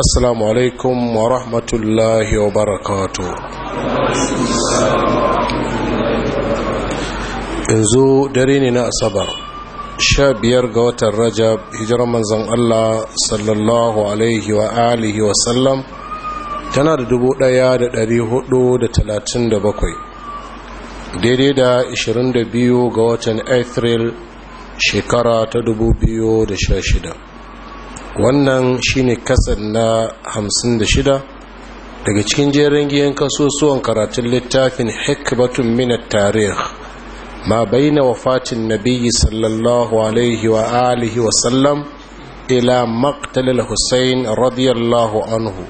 assalamu alaikum wa rahmatullahi wa barakatu yanzu dare ne na asabar sha biyar ga watan rajab hijirar manzan allah sallallahu alaihi wa alihi wa sallam tana da dubu daya da dari hudu da talatin da bakwai daidai da ashirin da biyu ga watan april shekara ta dubu biyu da sha shida wannan shine kasar na 56 daga cikin jerin giyan kasusuwan karatun littafin hikbatun minat tarih ma baina wafatin nabiyyi sallallahu alaihi wa alihi wa sallam ila maqtalil husayn radiyallahu anhu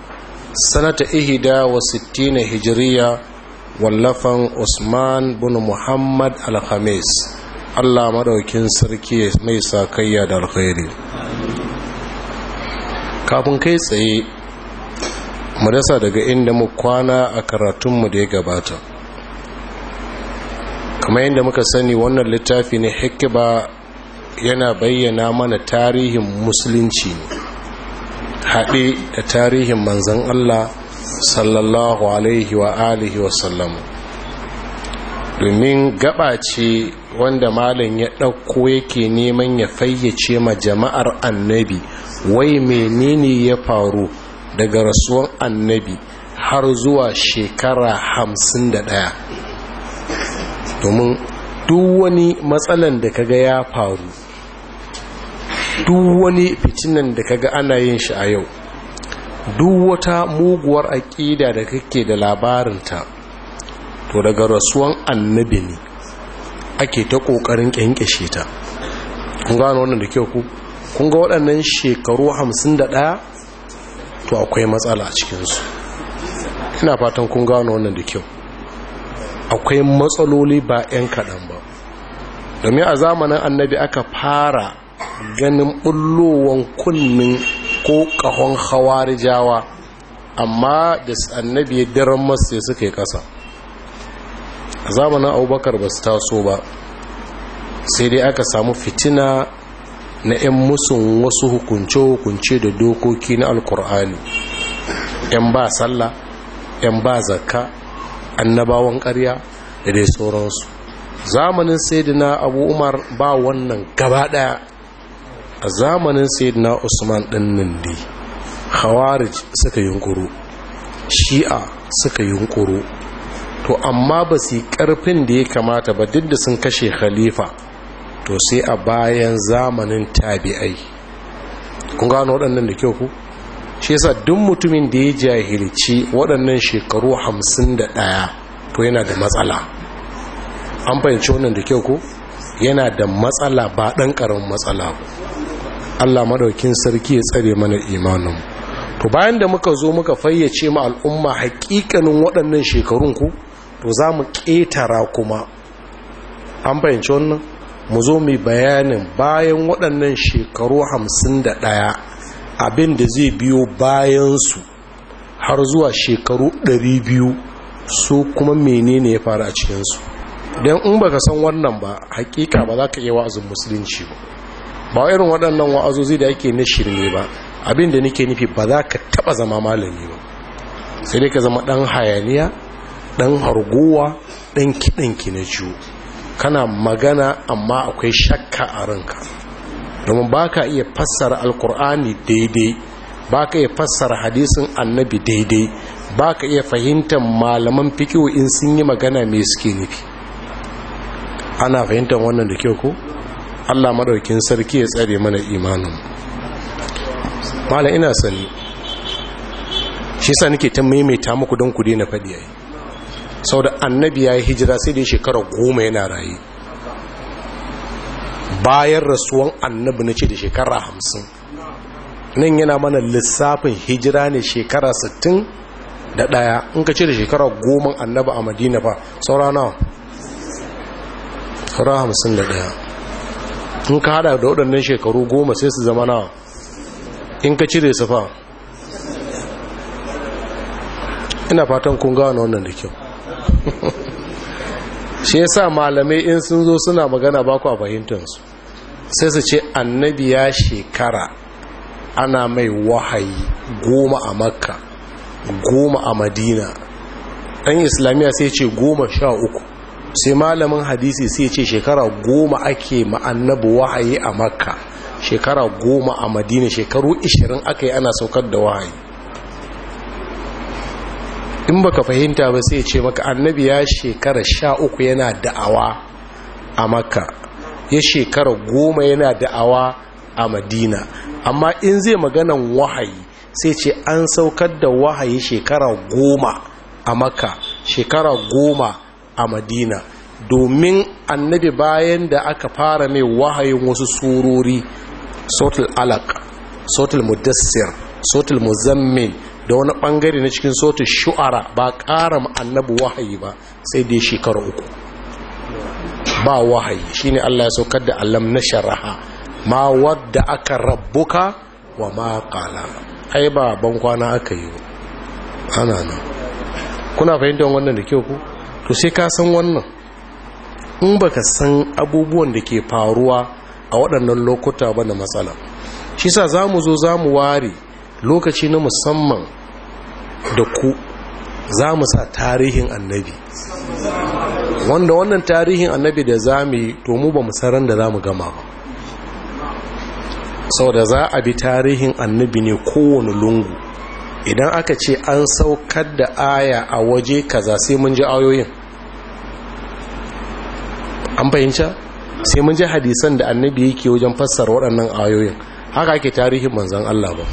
sanata ihida wa sittina hijiriya wallafan usman bin muhammad al-khamis allah maɗaukin sarki mai sakayya da alkhairi kafin kai tsaye mu dasa daga inda mu kwana a karatunmu da ya gabata kamar yadda muka sani wannan littafi ne hikiba yana bayyana mana tarihin musulunci ne haɗe da tarihin manzan Allah sallallahu alaihi wa alihi domin gaba ce wanda malam ya ɗauko yake neman ya fayyace ma jama'ar annabi wai menene ya faru daga rasuwan annabi har zuwa shekara hamsin da ɗaya domin duk wani matsalan da kaga ya faru duk wani fitinan da kaga ana yin shi a yau duk wata muguwar aƙida da kake da labarinta to daga rasuwan annabi ne ake ta ƙoƙarin ƙyanƙyashe ta kun gano wannan da kyau ku kun ga waɗannan shekaru hamsin da to akwai matsala a cikinsu ina fatan kun gano wannan da kyau akwai matsaloli ba 'yan kaɗan ba domin a zamanin annabi aka fara ganin bullowan kunnin ko ƙahon hawarijawa amma da annabi ya daren masu suka yi ƙasa a zamanin abubakar ba su taso ba sai dai aka samu fitina na 'yan musun wasu hukunce-hukunce da dokoki na alkur'ani 'yan ba sallah 'yan ba zakka annabawan karya da dai sauransu zamanin saidina abu umar ba wannan gaba daya a zamanin saidina usman dinnan dai khawarij suka yunkuru shi'a suka yunkuru to amma ba su karfin da ya kamata ba duk da sun kashe khalifa to sai a bayan zamanin tabi'ai kun gano waɗannan da kyau ku shi yasa duk mutumin da ya jahilci waɗannan shekaru hamsin da ɗaya to yana da matsala an fahimci wannan da kyau ku yana da matsala ba ɗan ƙaramin matsala Allah maɗaukin sarki ya tsare mana imanin to bayan da muka zo muka fayyace ma al'umma hakikanin waɗannan shekarun ku to za mu ƙetara kuma an fahimci wannan mu zo mu bayanin bayan waɗannan shekaru hamsin da ɗaya abin zai biyo bayansu har zuwa shekaru ɗari biyu su kuma menene ya fara a cikinsu don in baka san wannan ba hakika ba za ka iya wa'azin musulunci ba ba irin waɗannan wa'azozi da ake na shirme ba abin da nake nufi ba za ka taɓa zama malami ba sai dai ka zama ɗan hayaniya ɗan harguwa ɗan kiɗanki na ciwo kana magana amma akwai shakka a ranka domin baka iya fassara alkur'ani daidai ba ka iya fassara hadisin annabi daidai ba ka iya fahimtar malaman fikiyo in sun yi magana mai suke nufi ana fahimtar wannan da kyau ko allah maɗaukin sarki ya tsare mana imanin malam ina sani shi sa nake ta maimaita muku don ku daina faɗi yayi sau da annabi ya yi hijira sai da shekara goma yana raye bayan rasuwan annabi na ce da shekara hamsin nan yana mana lissafin hijira ne shekara sittin da ɗaya in ka ce da shekara goma annabi a madina ba saura nawa saura hamsin da ɗaya in ka hada da waɗannan shekaru goma sai su zama nawa in ka cire su fa ina fatan kun gawa wannan da kyau shi yasa malamai in sun zo suna magana ba ku fahimtansu sai su ce annabi ya shekara ana mai wahayi goma a makka goma a madina ɗan islamiyya sai ce goma sha uku sai malamin hadisi sai ce shekara goma ake ma'annabi wahayi a makka shekara goma a madina shekaru ishirin aka yi ana saukar da wahayi in baka fahimta ba sai ce maka annabi ya shekara sha uku yana da'awa a makka ya shekara goma yana da'awa a madina amma in zai maganan wahayi sai ce an saukar da wahayi shekara goma a makka shekara goma a madina domin annabi bayan da aka fara mai wahayin wasu surori sautul alaq sautul mudassir sautul muzammil da wani bangare na cikin sautu shu'ara ba ƙara annabi wahayi ba sai dai shekaru uku ba wahayi shine Allah ya saukar da allam na sharaha ma wadda aka rabbuka wa ma qala ai ba ban kwana aka yi ana nan kuna fahimtar wannan da kyau ku to sai ka san wannan in baka san abubuwan da ke faruwa a waɗannan lokuta ba na matsala shi sa za mu zo za mu ware lokaci na musamman da ku za mu sa tarihin annabi wanda wannan tarihin annabi da za mu yi to mu ba mu saran da za mu gama ba sau da za a bi tarihin annabi ne kowane lungu idan aka ce an saukar da aya a waje kaza sai mun ji ayoyin an fahimta sai mun ji hadisan da annabi yake wajen fassara waɗannan ayoyin haka ake tarihin manzan Allah ba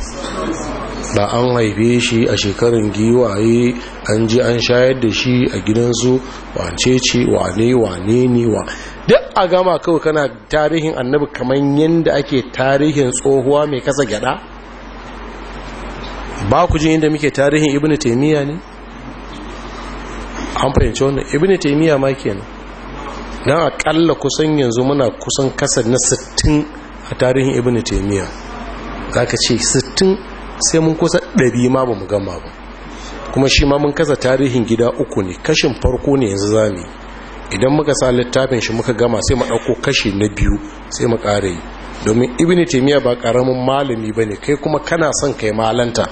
Ba an haife shi a shekarun giwaye an ji an shayar da shi a gidansu wance ce wane wane ne wa duk a gama kawai kana tarihin annabi kamar yadda ake tarihin tsohuwa mai kasa gyada ba ku jin yadda muke tarihin ibn taimiyya ne an fahimci wannan ibn taimiyya ma kenan don akalla kusan yanzu muna kusan kasa na 60 a tarihin ibn taimiyya za ka ce 60 sai mun kusa ɗari ma ba mu gama ba kuma shi ma mun kasa tarihin gida uku ne kashin farko ne yanzu za idan muka sa littafin shi muka gama sai mu ɗauko kashi na biyu sai mu ƙara yi domin ibn taimiyya ba ƙaramin malami ba ne kai kuma kana son kai malanta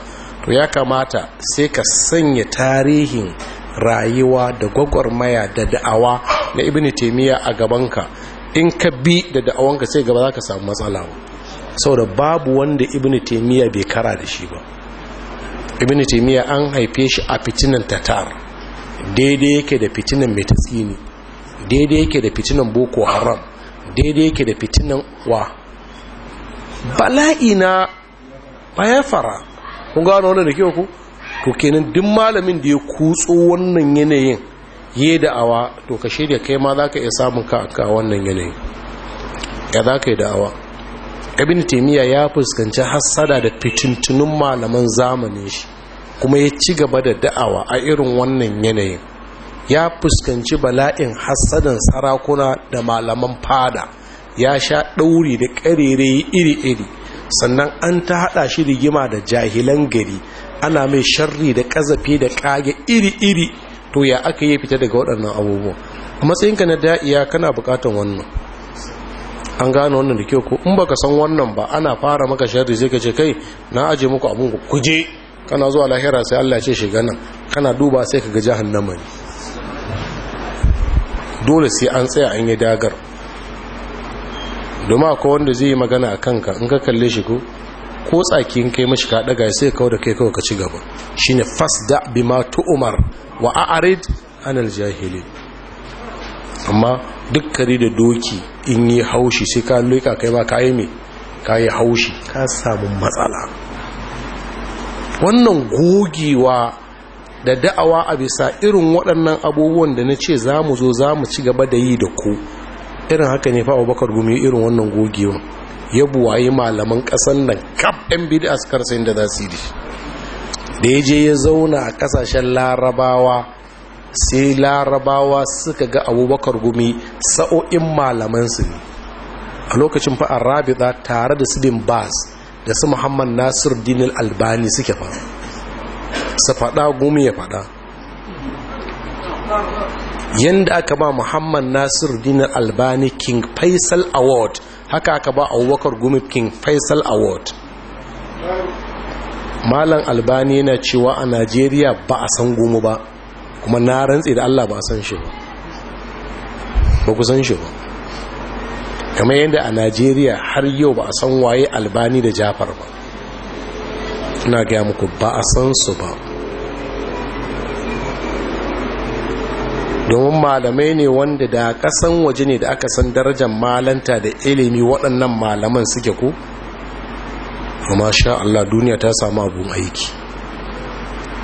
to ya kamata sai ka sanya tarihin rayuwa da gwagwarmaya da da'awa na ibn taimiyya a gabanka in ka bi da da'awanka sai gaba za ka samu matsala saboda babu wanda ibini taimiyya bai kara da shi ba ibini taimiyya an haife shi a fitinan tatar daidai yake da fitinan metatsini daidai yake da fitinan boko haram daidai yake da fitinan wa bala'i na bayan kun gano wanda da kyau to kenan duk malamin da ya kutso wannan yanayin da awa to ka shirya kai ma za ka iya samun ka wannan yanayin ya za ka yi da'awa ibn taimiyya ya fuskanci hassada da fituntunun malaman zamanin shi kuma ya ci gaba da da'awa a irin wannan yanayin ya fuskanci bala'in hassadan sarakuna da malaman fada ya sha ɗauri da ƙarere iri-iri sannan an ta haɗa shi rigima da jahilan gari ana mai sharri da ƙazafe da ƙage iri-iri to ya aka yi fita daga waɗannan abubuwa a matsayinka na da'iya kana buƙatar wannan an gane wannan da kyau ko in baka san wannan ba ana fara maka sharri sai ka kai na aje muku abun ku kuje kana zuwa lahira sai Allah ya ce shiga nan kana duba sai ka ga jahannama ne dole sai an tsaya an yi dagar domin akwai wanda zai yi magana a kanka in ka kalle shi ko ko tsaki in kai mashi ka daga sai ka da kai kawai ka ci gaba shine fasda bima tu'mar wa a'rid anil jahilin amma duk kari da doki in yi haushi sai ka loika kai ma ka yi mai ka yi haushi ka samu matsala wannan gogewa da da'awa a bisa irin waɗannan abubuwan da na ce za mu zo za mu ci gaba da yi da ku irin haka ne fa abubakar gumi irin wannan gogewa ya buwaye malaman ƙasan nan kaf ɗan bidi askar sayin da za su yi da ya je ya zauna a ƙasashen larabawa sai larabawa suka ga abubakar gumi sa'o'in malamansu ne a lokacin fa'ar rabita tare da su bin bas da su muhammad nasir dinil albani suke fa su faɗa gumi ya faɗa yadda aka ba muhammad nasir dinar albani king faisal award haka aka ba abubakar gumi king faisal award malam albani yana cewa a najeriya ba a san gumi ba kuma na rantse da Allah ba san shi ba ba ku san shi ba kamar yadda a Najeriya har yau ba a san waye albani da jafar ba ina gaya muku ba a san su ba domin malamai ne wanda da kasan waje ne da aka san darajar malanta da ilimi waɗannan malaman suke ko amma sha Allah duniya ta samu abun aiki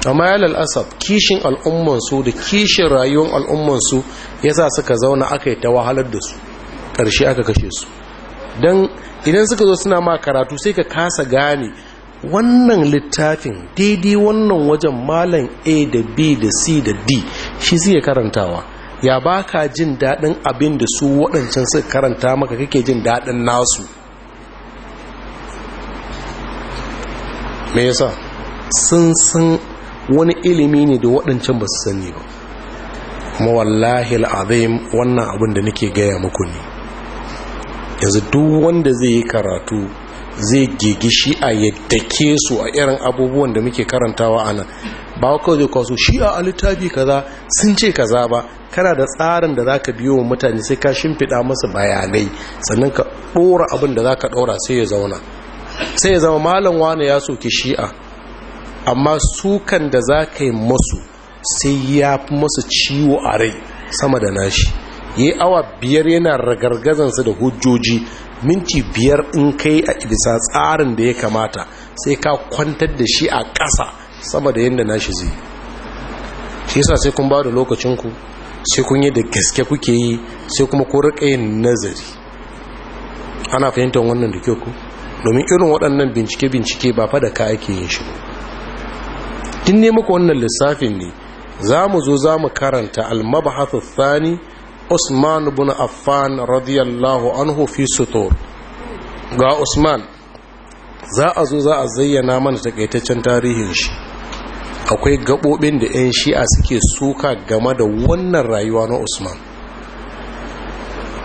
amma ya asab kishin al'ummansu da kishin rayuwar al'ummansu ya sa suka zauna aka yi ta wahalar da su ƙarshe aka kashe su don idan suka zo suna ma karatu sai ka kasa gane wannan littafin daidai wannan wajen malam a da b da c da d shi zai karantawa ya baka jin daɗin abin da su waɗancan suka karanta maka kake jin daɗin nasu me yasa sun san wani ilimi ne da waɗancan ba su sani ba kuma wallahi wannan abin da nake gaya muku ne yanzu duk wanda zai yi karatu zai gigi shi'a ya ke su a irin abubuwan da muke karantawa a nan ba kawai zai kwaso shi'a a littafi kaza sun ce kaza ba kana da tsarin da zaka biyo wa mutane sai ka shimfiɗa masa bayanai sannan ka ɗora abin da zaka ɗora sai ya zauna sai ya zama malam wani ya sauki shi'a amma sukan da za ka yi masu sai ya fi masu ciwo a rai sama da nashi ya yi awa biyar yana ragargazansa da hujjoji minti biyar in kai a bisa tsarin da ya kamata sai ka kwantar da shi a ƙasa sama da yadda nashi zai shi yasa sai kun ba da lokacinku sai kun yi da gaske kuke yi sai kuma ko riƙa yin nazari ana fahimtar wannan da kyau ku domin irin waɗannan bincike-bincike ba fa da ka ake yin shi ba tun ne muku wannan lissafin ne za mu zo za mu karanta almabahathu thani usman ibn affan radiyallahu anhu fi sutur ga usman za a zo za a zayyana mana takaitaccen tarihin shi akwai gabobin da 'yan shi'a suke suka game da wannan rayuwa na usman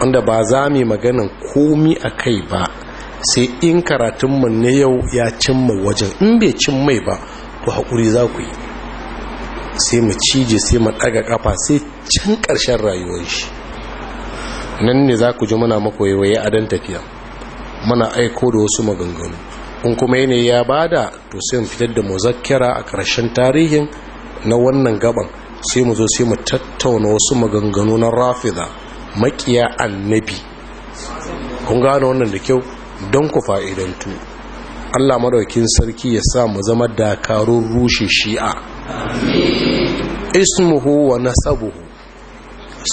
wanda ba za mu maganin komi a kai ba sai in karatunmu na yau ya cimma wajen in bai cin mai ba ku haƙuri za ku yi sai mu cije sai mu ɗaga ƙafa sai can ƙarshen rayuwar shi nan ne za ku ji muna makoyewaye a dan tafiya muna aiko da wasu maganganu in kuma yanayi ya da to sai mu fitar da muzakkira a ƙarshen tarihin na wannan gaban sai mu zo sai mu tattauna wasu maganganu na rafida maƙiya, annabi kun gane wannan da kyau don ku fa'idantu Allah madaukin sarki ya sa mu zama dakarun rushe shi'a ismuhu wa nasabuhu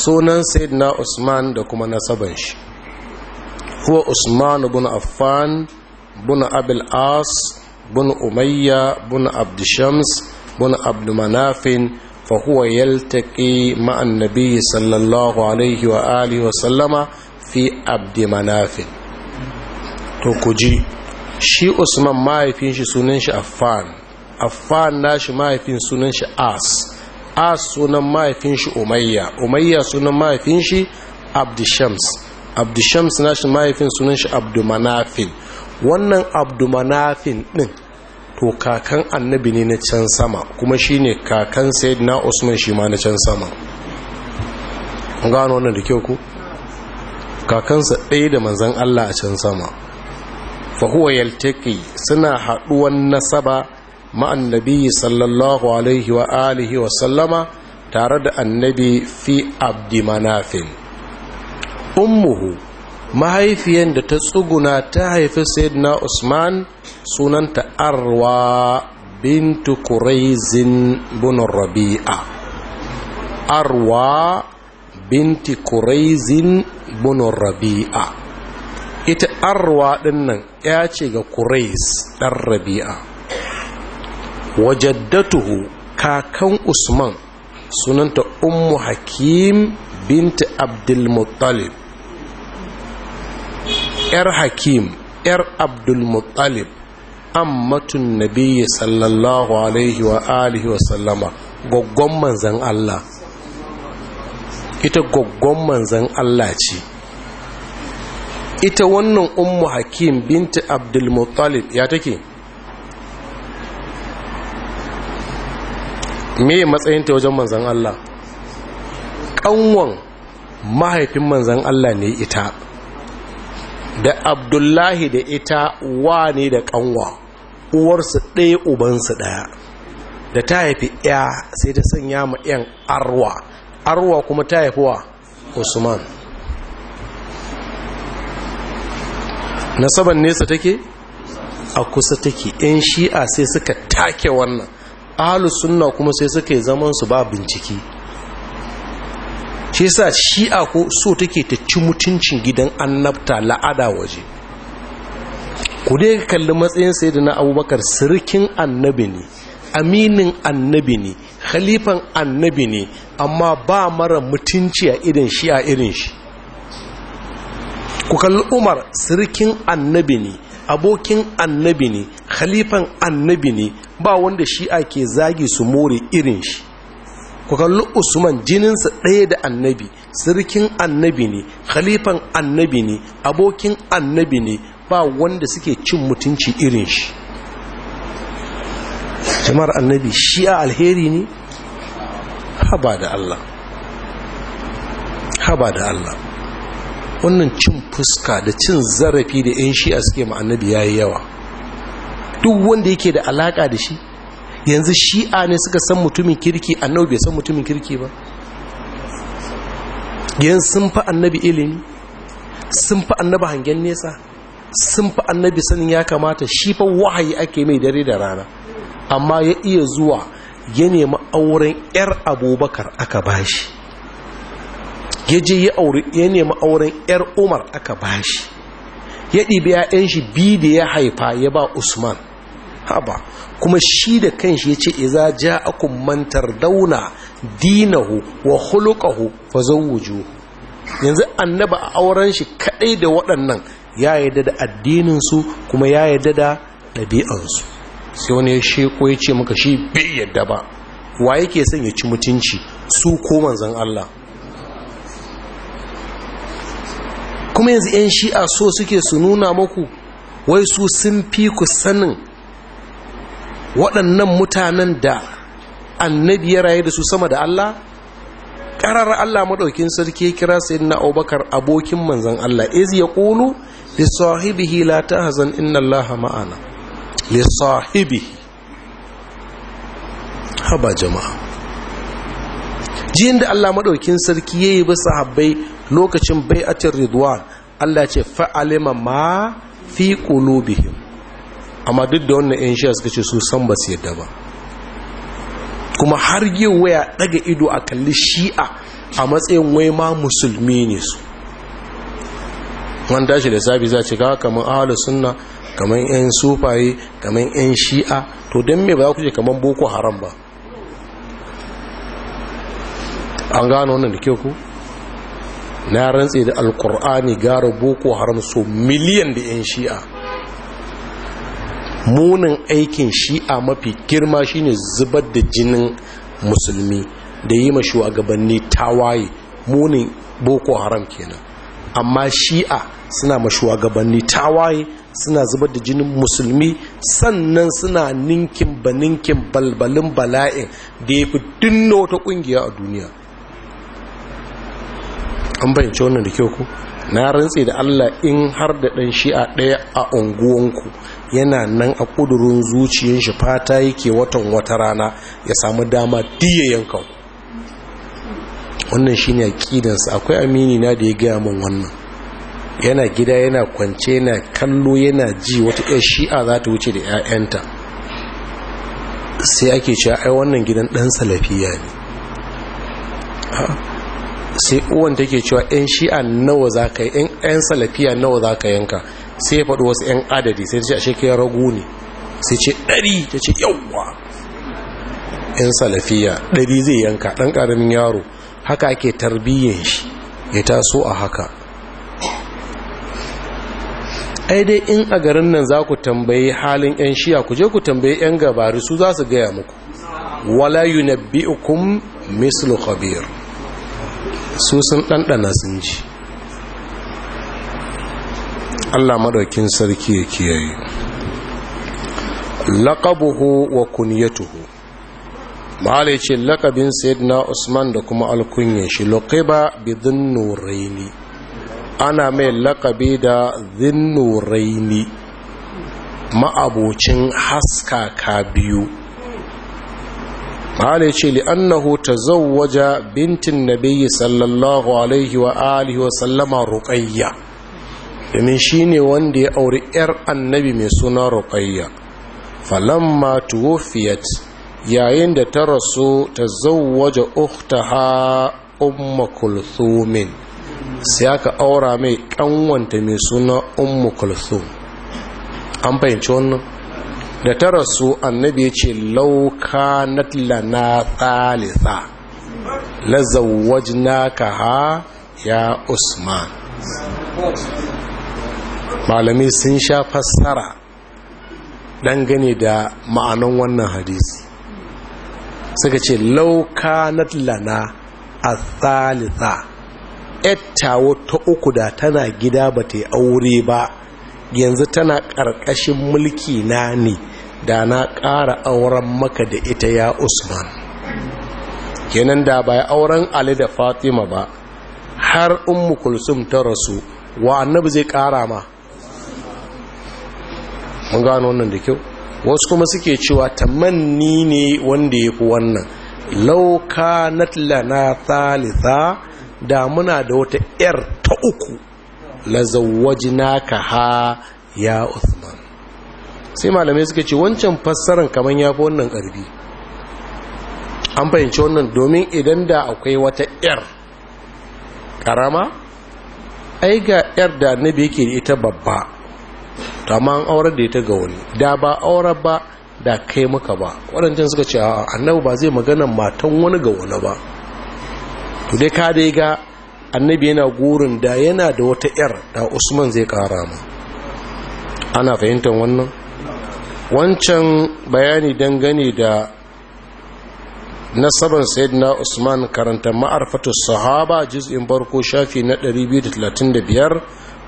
sunan sayyidina Usman da kuma nasaban shi huwa Usman ibn Affan ibn Abil As ibn Umayya ibn Abd Shams ibn Abd Manaf fa huwa yaltaqi ma'a an sallallahu alaihi wa alihi wa sallama fi Abd Manaf to kuji shi usman mahaifin shi sunan shi affan affan nashi mahaifin sunan shi as as sunan mahaifin shi umayya umayya sunan mahaifin shi abdishams abdishams nashi mahaifin sunan shi abdumanafin wannan abdumanafin din to kakan annabi ne na can sama kuma shi ne kakan na usman shi ma na can sama gano wannan da kyau ku kakansa ɗaya da manzan allah a can sama fa huwa suna haduwan nasaba ma annabi sallallahu alaihi wa alihi wa sallama tare da annabi fi abdi manafin ummuhu mahaifiyan da ta tsuguna ta haifi sayyidina usman sunanta arwa bintu kuraizin bunin rabi'a arwa binti kuraizin bunin rabi'a ita arwa dinnan ya ce ga kureis ɗan rabi'a wajaddatuhu kakan usman sunanta ummu hakim binta abdulmuttalib yar hakim yar abdulmuttalib ammatun nabiyyi sallallahu alaihi wa alihi wa sallama goggon manzan Allah ita goggon manzan Allah ce ita wannan ummu hakim binti abdulmuttalib ya take me matsayinta wajen manzan Allah ƙanwan mahaifin manzan Allah ne ita da abdullahi da ita wa ne da ƙanwa uwarsu ɗaya ubansu ɗaya da ta haifi ya sai ta sanya ma 'yan arwa arwa kuma ta haifuwa usman nasaban nesa take a kusa take yan shi'a sai suka take wannan ahalu sunna kuma sai suka yi zaman su ba binciki. shi sa shi'a ko so take ta ci mutuncin gidan annabta la'ada waje ku dai kalli matsayin sai na abubakar sirkin annabi ne aminin annabi ne khalifan annabi ne amma ba mara mutunci a irin shi a irin shi ku kalli umar Sirkin annabi ne abokin annabi ne khalifan annabi ne ba wanda shi'a ke zagi su more irin shi ku kalli usman jininsa ɗaya da annabi Sirkin annabi ne khalifan annabi ne abokin annabi ne ba wanda suke cin mutunci irin shi jama'ar annabi shi a alheri ne haba da allah haba da allah wannan cin fuska da cin zarafi da 'yan a suke ma'anabi ya yi yawa duk wanda yake da alaka da shi yanzu shi'a ne suka san mutumin kirki annabi bai san mutumin kirki ba yanzu sun fi annabi ilimi sun fi annabi hangen nesa sun fi annabi sanin ya kamata shi fa wahayi ake mai dare da rana amma ya iya zuwa ya nemi auren 'yar abubakar aka bashi ya je ya auri ya nemi auren yar umar aka bashi ya ɗibi ya'yan shi bi da ya haifa ya ba usman haba kuma shi da kanshi ya ce iza ja akun mantar dauna dinahu wa hulukahu fa zawuju yanzu annaba a auren shi kadai da waɗannan ya yarda da addininsu kuma ya yarda da ɗabi'ansu sai wani ya sheko ya ce maka shi bai yadda ba wa yake son ya ci mutunci su ko manzon Allah kuma yanzu 'yan shi'a so suke su nuna maku wai su sun fi ku sanin waɗannan mutanen da annabi ya raye da su sama da Allah ƙarar Allah maɗaukin sarki kira sai na abubakar abokin manzan Allah iz ya ƙulu lissahibihi la ta hazan inna Allah ma'ana lissahibihi haba jama'a jiyan da Allah maɗaukin sarki ya yi bisa habbai lokacin bai'atin ridwan Allah ce fa'alima ma fi qulubihim amma duk da wannan yan a suka ce su san ba su yadda ba kuma har yi waya daga ido a kalli shi'a a matsayin wai ma musulmi ne su wanda shi da sabi za ce kawo kamar ahalus sunna kamar yan sufaye kamar yan shi'a to don me ba za ku je kamar boko haram ba an gano wannan da kyau ku na rantse da alkur'ani gara boko haram so miliyan da 'yan shi'a munin aikin shi'a mafi girma shine zubar da jinin musulmi da yi ma shugabanni tawaye munin boko haram kenan amma shi'a suna ma shugabanni tawaye suna zubar da jinin musulmi sannan suna ninkin ba ninkin balbalin bala'in da ya fi dunno wata kungiya a duniya an bayyance wannan da kyau ku na rantse da Allah in har da ɗan shi'a ɗaya a unguwanku yana nan a kudurin zuciyar shi fata yake watan wata rana ya samu dama diya yanka wannan shi ne aƙidansa akwai amini na da ya gaya min wannan yana gida yana kwance yana kallo yana ji wata 'yar shi'a za ta wuce da 'ya'yanta sai ake cewa ai wannan gidan dan salafiya ne sai uwan take cewa yan shi'a nawa za ka yi yan salafiya nawa za ka yanka sai ya faɗo wasu yan adadi sai ce a kai ragu ne sai ce ɗari ta ce yawwa yan salafiya ɗari zai yanka ɗan ƙaramin yaro haka ake tarbiyyar shi ya taso a haka ai dai in a garin nan za ku tambayi halin yan shiya ku je ku tambayi yan gabari su za su gaya muku wala yunabbi'ukum mislu khabir su sun ɗanɗana sun ji allah maɗaukin sarki ya kiyaye laƙabuhu wa kunyatuhu mahala ce laƙabin sayyidina usman da kuma alkunyan shi laƙiba bi zinnuraini ana mai laƙabi da zinnuraini ma'abocin haskaka biyu mala ya ce li'annahu tazawwaja bintin nabiyyi sallallahu alaihi wa alihi wa sallama ruqayya domin shine wanda ya auri yar annabi mai suna ruqayya falamma tuwfiyat yayin da ta rasu ta tazawwaja ukhtaha ummu kulthumin sai aka aura mai ƙanwanta mai suna ummu an fahimci wannan da ta rasu annabi ce lauka lana thalitha ka ha ya usman malami sun sha fassara dangane da ma'anan wannan hadisi suka ce lauka na lana a tsalisa. yattawo ta uku da tana gida ba ta yi aure ba yanzu tana ƙarƙashin mulki na ne da na ƙara auren maka da ita ya usman kenan da ba auren ali da fatima ba har in mu kulsum ta rasu wa annabi zai ƙara ma mun gano wannan da kyau wasu kuma suke cewa tamanni ne wanda ya fi wannan lauka na thalitha da muna da wata 'yar ta uku lazawajinaka ha ya usman sai malamai suka ce wancan fassaran kamar ya fi wannan ƙarfi an fahimci wannan domin idan da akwai wata 'yar ƙarama ai ga 'yar da annabi yake da ita babba to amma an aurar da ita ga wani da ba aurar ba da kai maka ba waɗancan suka ce annabi ba zai magana matan wani ga wani ba to dai ka dai ga annabi yana gurin da yana da wata 'yar da usman zai ƙara ma ana fahimtar wannan wancan bayani dangane da nasaban sayyidina usman karanta ma'arfatu sahaba juz'in barko shafi na 235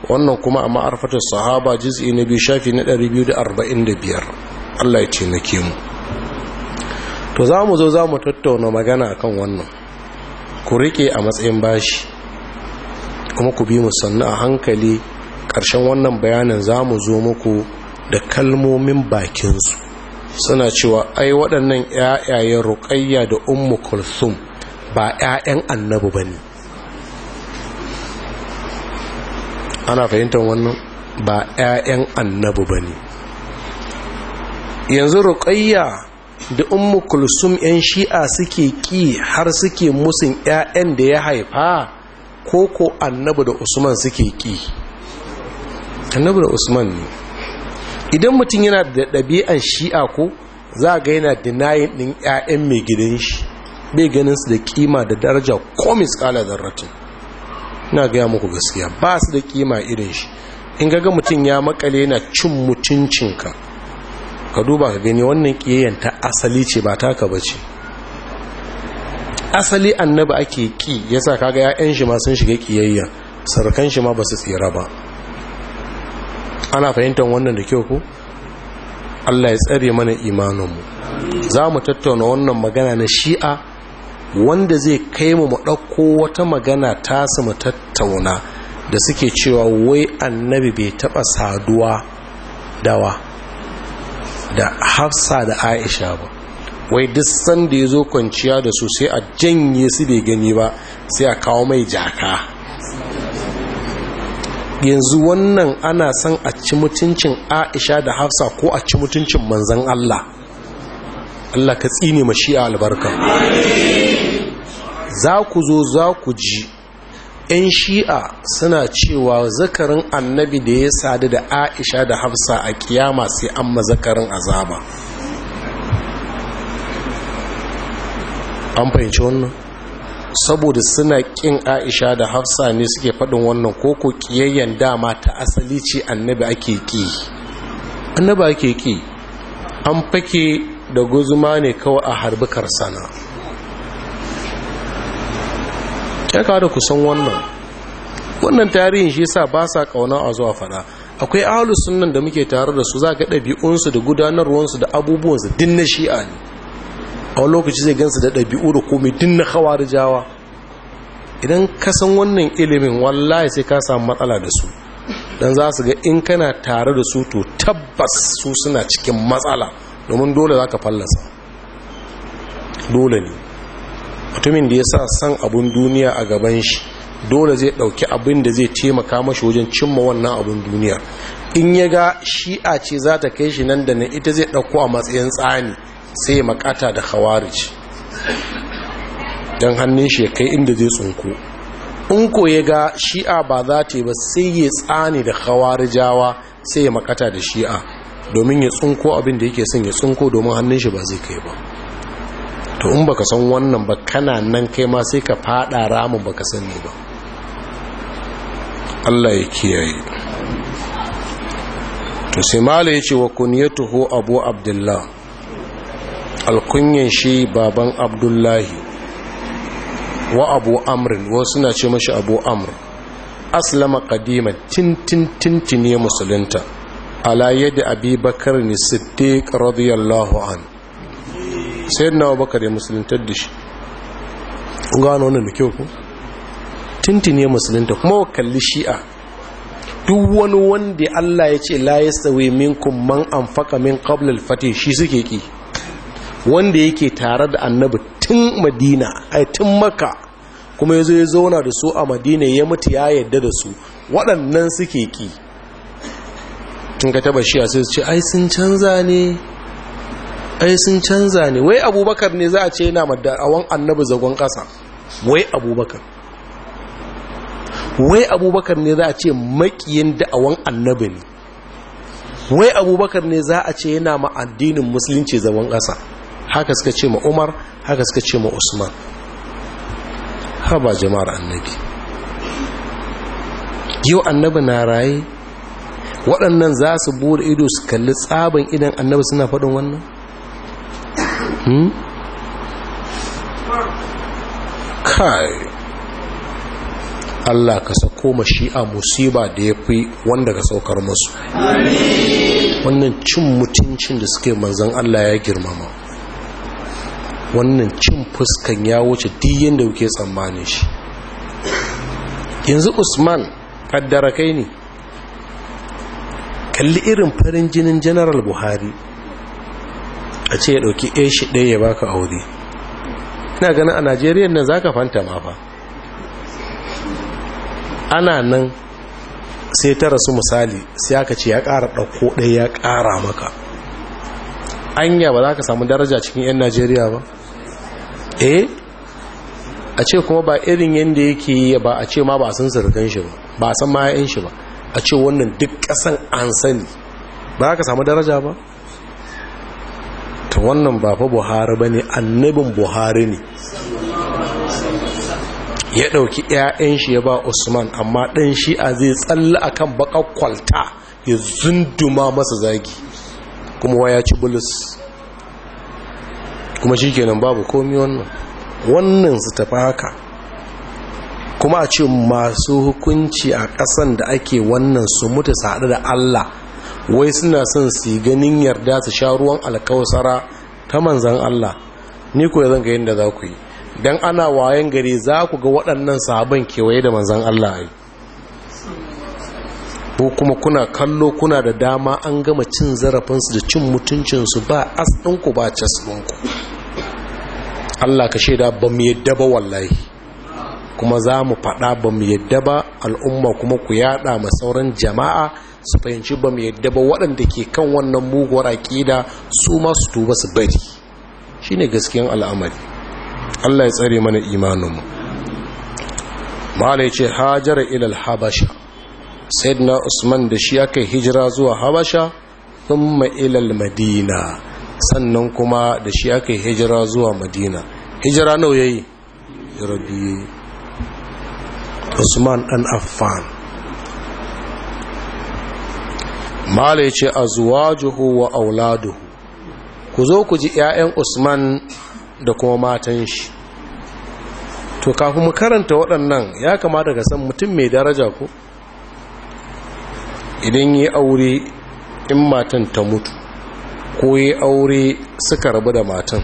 wannan kuma a ma'arfatu sahaba juz'i na biyu shafi na 245 Allah ya ce nake mu to za mu zo za mu tattauna magana kan wannan ku rike a matsayin bashi kuma ku bi mu sannu a hankali ƙarshen wannan bayanin za mu zo muku da kalmomin bakinsu suna cewa ai waɗannan ‘ya'yayen ruƙayya da ummu kulthum ba ‘ya'yan annabu ba ne ana fahimtar wannan ba ‘ya'yan annabu ba ne yanzu ruƙayya da ummu kulsum yan shi'a suke ki har suke musun 'ya'yan da ya haifa ko ko da usman suke ki Annabu da usman ne idan mutum yana da ɗabi'an shi'a ko za ga yana denying ɗin 'ya'yan mai gidan shi bai ganin su da kima da daraja ko da ratin ina gaya muku gaskiya ba su da kima irin shi in ga mutum ya makale yana cin mutuncinka ka duba ka gani wannan kiyayen ta asali ce ba taka ba ce asali annabi ake ki yasa kaga 'ya'yan shi ma sun shiga kiyayya sarkan shi ma ba su tsira ba ana fahimtar wannan da kyau ku Allah ya tsare mana imaninmu za mu tattauna wannan magana na shi'a wanda zai kai mu ɗauko wata magana tasu mu tattauna da suke cewa wai annabi bai taɓa saduwa dawa da hafsa da aisha ba wai duk sanda ya zo kwanciya da su sai a janye su bai gani ba sai a kawo mai jaka yanzu wannan ana san a ci mutuncin aisha da hafsa ko a ci mutuncin manzan allah allah ka tsine ma a albarka za ku zo za ku ji 'yan shi'a suna cewa zakarin annabi da ya sadu da aisha da hafsa a kiyama sai an zakarin azaba an fahimci wannan saboda suna kin aisha da hafsa ne suke faɗin wannan koko kiyayyen dama ta asali ce annabi ake ki annabi ake ki an fake da guzuma ne kawai a harbukar sana ya kawo da kusan wannan wannan tarihin shi sa ba sa ƙauna a zuwa fada akwai ahalus sunan da muke tare da su za ga ɗabi'unsu da gudanarwarsu da abubuwansu din na shi'a ne a wani lokaci zai gansa da ɗabi'u da komai din na da jawa idan ka san wannan ilimin wallahi sai ka samu matsala da su don za su ga in kana tare da su to tabbas su suna cikin matsala domin dole za ka fallasa dole ne mutumin da ya sa san abin duniya a gaban shi dole zai ɗauki abin da zai taimaka mashi wajen cimma wannan abin duniya in ya ga shi'a ce za ta kai shi nan da nan ita zai ɗauko a matsayin tsani sai ya makata da khawarij don hannun shi kai inda zai tsunku in ko ya ga shi'a ba za ta ba sai ya tsani da khawarijawa sai ya makata da shi'a domin ya tsunko abin da yake son ya tsunko domin hannun shi ba zai kai ba to in baka san wannan ba kana nan kai ma sai ka fada ramin baka san sani ba Allah ya kiyaye to sai mala yace wa kunyatuhu abu abdullah alkunyan shi baban abdullahi wa abu amrin wasu suna ce mashi abu amr aslama kadima tintintintin ya musulunta ala yadda bakar ne siddiq radiyallahu an sai Abu bakar ya musuluntar da shi gano wannan da kyau ku tintin ya musulunta kuma wa kalli shi'a duk wani wanda Allah ya ce la tsawai minkum man amfaka min qabla al-fatih shi suke ki wanda yake tare da annabi tun madina ai tun maka kuma ya zo ya zauna da su a madina ya mutu ya yadda da su waɗannan suke ki tun ka taba shi a sai ce ai sun canza ne ai sun canza ne wai abubakar ne za a ce yana madarawan annabi zagon ƙasa wai abubakar wai abubakar ne za a ce makiyin da'awan annabi ne wai abubakar ne za a ce yana ma addinin musulunci zagon ƙasa haka suka ce ma umar haka suka ce ma usman haba jama'ar annabi yau annabi na raye waɗannan za su buɗe ido su kalli tsaban idan annabi suna faɗin wannan hmm? kai Allah ka sako ma shi'a musiba da ya fi wanda ka saukar musu wannan cin mutuncin da suke manzan Allah ya girmama wannan cin fuskan ya wuce diyan da kuke tsammanin shi yanzu usman kaddara kai ne kalli irin farin jinin general buhari a ce ya ɗauki a shi ɗaya ya baka aure ina ganin a najeriya nan za ka fanta ma ana nan sai ta rasu misali sai aka ce ya ƙara ɗauko ɗaya ya ƙara maka anya ba za ka samu daraja cikin 'yan najeriya ba eh a ce kuma ba irin yadda yake yi ba a ce ma ba san surukan shi ba ba san ma yayin shi ba a ce wannan duk kasan an sani ba ka samu daraja ba ta wannan ba fa buhari ba ne annabin buhari ne ya ɗauki 'ya'yan shi ya ba usman amma ɗan a zai tsalla akan kan kwalta ya zunduma masa zagi kuma waya ci bulus kuma shi kenan babu komi wannan wannan su tafi haka kuma a ce masu hukunci a ƙasan da ake wannan su mutu su da allah wai suna son su ganin yarda su sha ruwan alkawasara ta manzan allah ni ko zan ga yadda za ku yi don ana wayan gari za ku ga waɗannan sabon kewaye da manzan allah yi ko kuma kuna kallo kuna da dama an gama cin zarafinsu da cin mutuncinsu ba as ɗinku ba cas ɗinku Allah ka shaida ba mu yadda ba wallahi kuma za mu faɗa ba mu yadda ba al'umma kuma ku yada ma sauran jama'a su fahimci ba mu yadda ba waɗanda ke kan wannan muguwar aƙida su ma su tuba su bari shine ne gaskiyan al'amari Allah ya tsare mana imaninmu mu ya ce hajjara ilal habasha sayyidina usman da shi aka hijira zuwa habasha thumma ilal madina sannan kuma da shi aka hijira zuwa madina hijira nawa yayi rabi Usman dan Affan mala yace azwajuhu wa auladuhu ku zo ku ji yayan Usman da kuma matan shi to kafin mu karanta waɗannan ya kamata ka san mutum mai daraja ko idan yi aure in matan ta mutu ko yi aure suka rabu da matan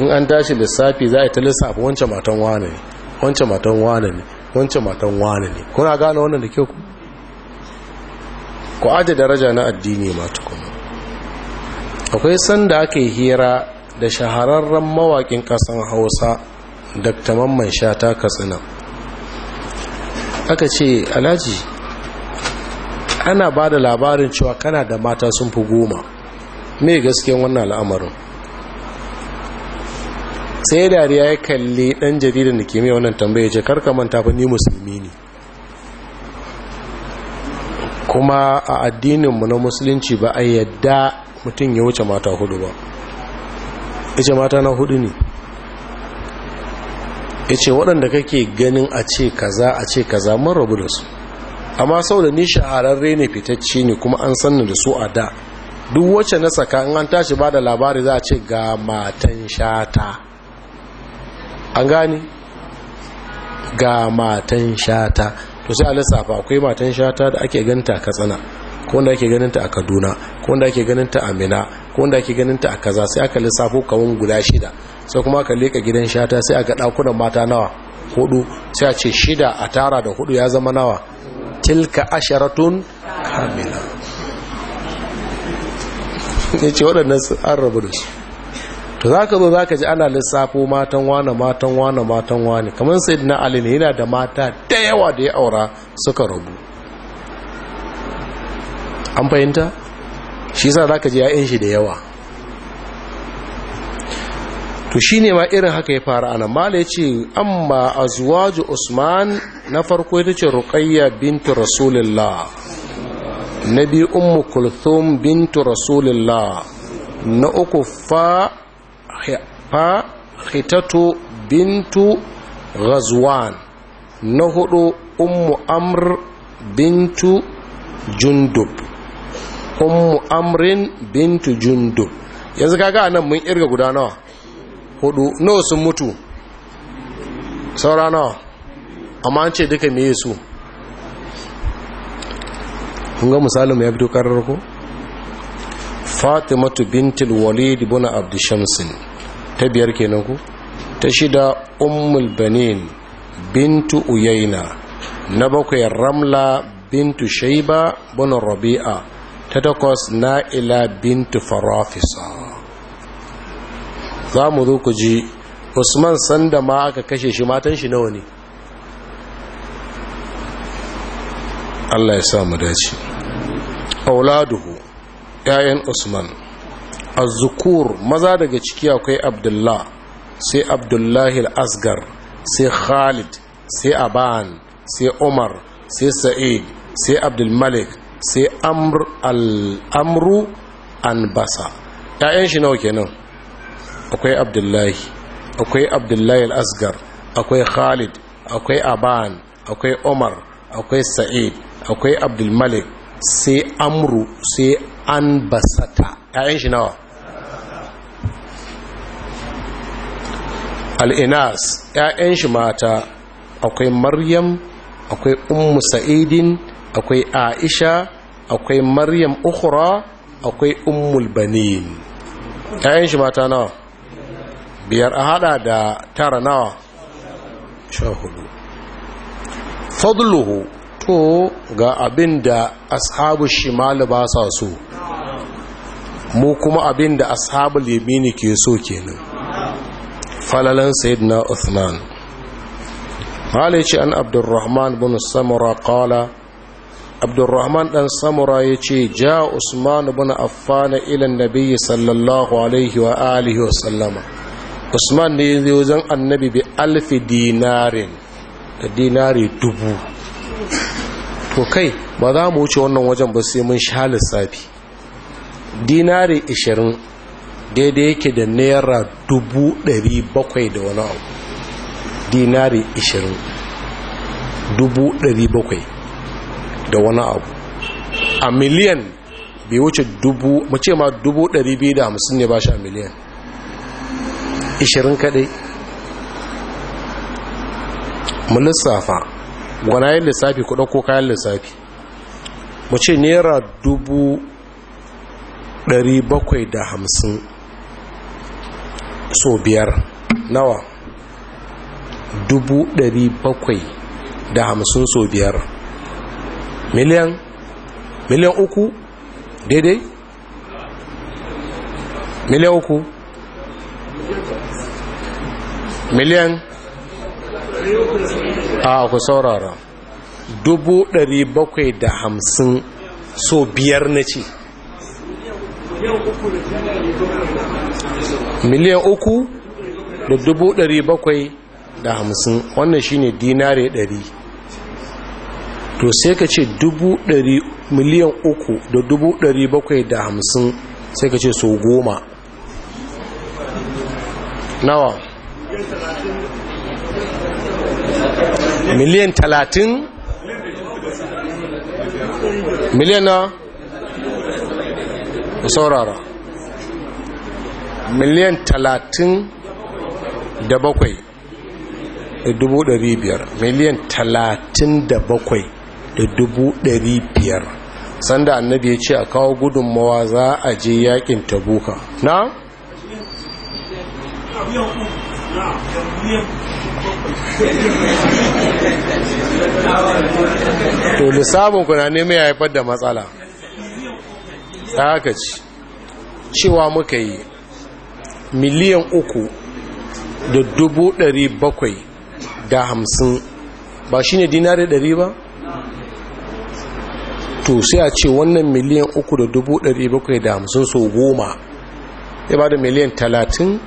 in an tashi lissafi za a ta lissafi wancan matan wane ne wancan matan wane ne wancan matan wane ne kuna gane wannan da kyau ku aji daraja na addini ma kuma akwai sanda aka yi hira da shahararren mawakin kasan hausa dr mamman shata katsina aka ce alhaji ana ba da labarin cewa kana da mata sun fi goma mai gaskiyan wannan al'amarin sai dariya ya kalli dan jaridan da ke mai wannan tambaya ce karka manta fa ni musulmi ne kuma a addininmu na musulunci ba a yadda mutum ya wuce mata hudu ba ce mata na hudu ne ya ce waɗanda kake ganin a ce kaza a ce kaza mun rabu da su amma sau ni shahararre ne fitacce ne kuma an sanni da su a da duk wacce na saka in an tashi ba da labari za a ce ga matan shata an gani ga matan shata to sai a lissafa akwai matan shata da ake ganta katsina ko wanda ake ganinta a kaduna ko wanda ake ganinta a mina ko wanda ake ganinta a kaza sai aka lissafo kawun guda shida sai kuma aka leka gidan shata sai aka ɗakunan mata nawa hudu sai a ce shida a tara da hudu ya zama nawa tilka asharatun kamila ne ce waɗannan an rabu da su to za ka zo za ka ji ana lissafo matan wane matan wane matan wane kamar sai na alini yana da mata da yawa da ya aura suka rabu an fahimta shi sa za ka ji ya'yan shi da yawa to shi ma irin haka ya fara ana mala ya ce amma azuwaju usman na farko ita ce rukayya bintu rasulillah na biyu umu kulthum bintu rasulillah na uku fa hitatu bintu ghazwan na hudu ummu amr bintu jundub ummu amrin bintu jundub yanzu kaga nan mun irga guda nawa hudu nawa sun mutu saura nawa amma an ce duka meye su kun ga misalin ya fito karar fatimatu bintul walid ibn abdushamsin ta biyar kenan ku ta shida ummul banin bintu uyaina na bakwai ramla bintu shaiba bunan rabi'a ta takwas na'ila bintu farafisa za mu zo ku ji usman sanda ma aka kashe shi matan shi nawa ne allah ya sa mu dace auladuhu 'ya'yan usman azukur maza daga ciki akwai abdullah sai abdullahi al'asgar sai khalid sai aban sai umar sai sa'id sai abdulmalik sai Al Amru, an basa ‘ya'yan shi nawa kenan akwai abdullahi akwai abdullahi al'asgar akwai khalid akwai aban akwai umar akwai sa'id akwai abdulmalik sai amru sai an basata ‘ya'yan shi nawa al'inas ‘ya'yan shi mata akwai maryam akwai ummu sa'idin akwai aisha akwai maryam ukura akwai ummul banin ‘ya'yan shi mata nawa biyar a hada da tara nawa sha hudu fadluhu to ga abin da ashabu shimali ba sa so mu kuma abin da ashabu limini ke so kenan falalan sayyidina Uthman ce an Abdurrahman bin Samura qala Abdurrahman dan Samura yace ja Usman bin Affan ila Nabi sallallahu alaihi wa wa sallama Usman ne yazo wajen Annabi bi alfi dinarin da dinari dubu to kai ba za mu wuce wannan wajen ba sai mun sha lissafi dinari 20 daidai yake da naira dubu ɗari bakwai da wani abu dinari ishirin dubu ɗari bakwai da wani abu a miliyan bai wuce dubu mace ma dubu ɗari biyu da hamsin ne ba shi a miliyan ishirin kaɗai mu lissafa yin lissafi kuɗa ko kayan lissafi mace naira dubu ɗari bakwai da hamsin so biyar nawa dubu ɗari bakwai da hamsin so biyar miliyan miliyan uku daidai miliyan uku miliyan a ku saurara dubu ɗari bakwai da hamsin so biyar na ce miliyan uku da dubu ɗari bakwai da hamsin wannan shine dinare ɗari to sai ka ce dubu ɗari miliyan uku da dubu ɗari bakwai da hamsin sai ka ce so goma nawa miliyan talatin miliyan na saurara miliyan talatin da bakwai da dubu ɗari biyar miliyan talatin da bakwai da dubu ɗari biyar sanda annabi ya ce a kawo gudunmawa za a je yakin tabuka na? to lissabin kuna neman ya haifar da matsala ta haka ce. cewa muka yi miliyan uku da dubu ɗari bakwai da hamsin ba shi ne dinari ɗari ba? to sai a ce wannan miliyan uku da dubu ɗari bakwai da hamsin so goma ya ba da miliyan talatin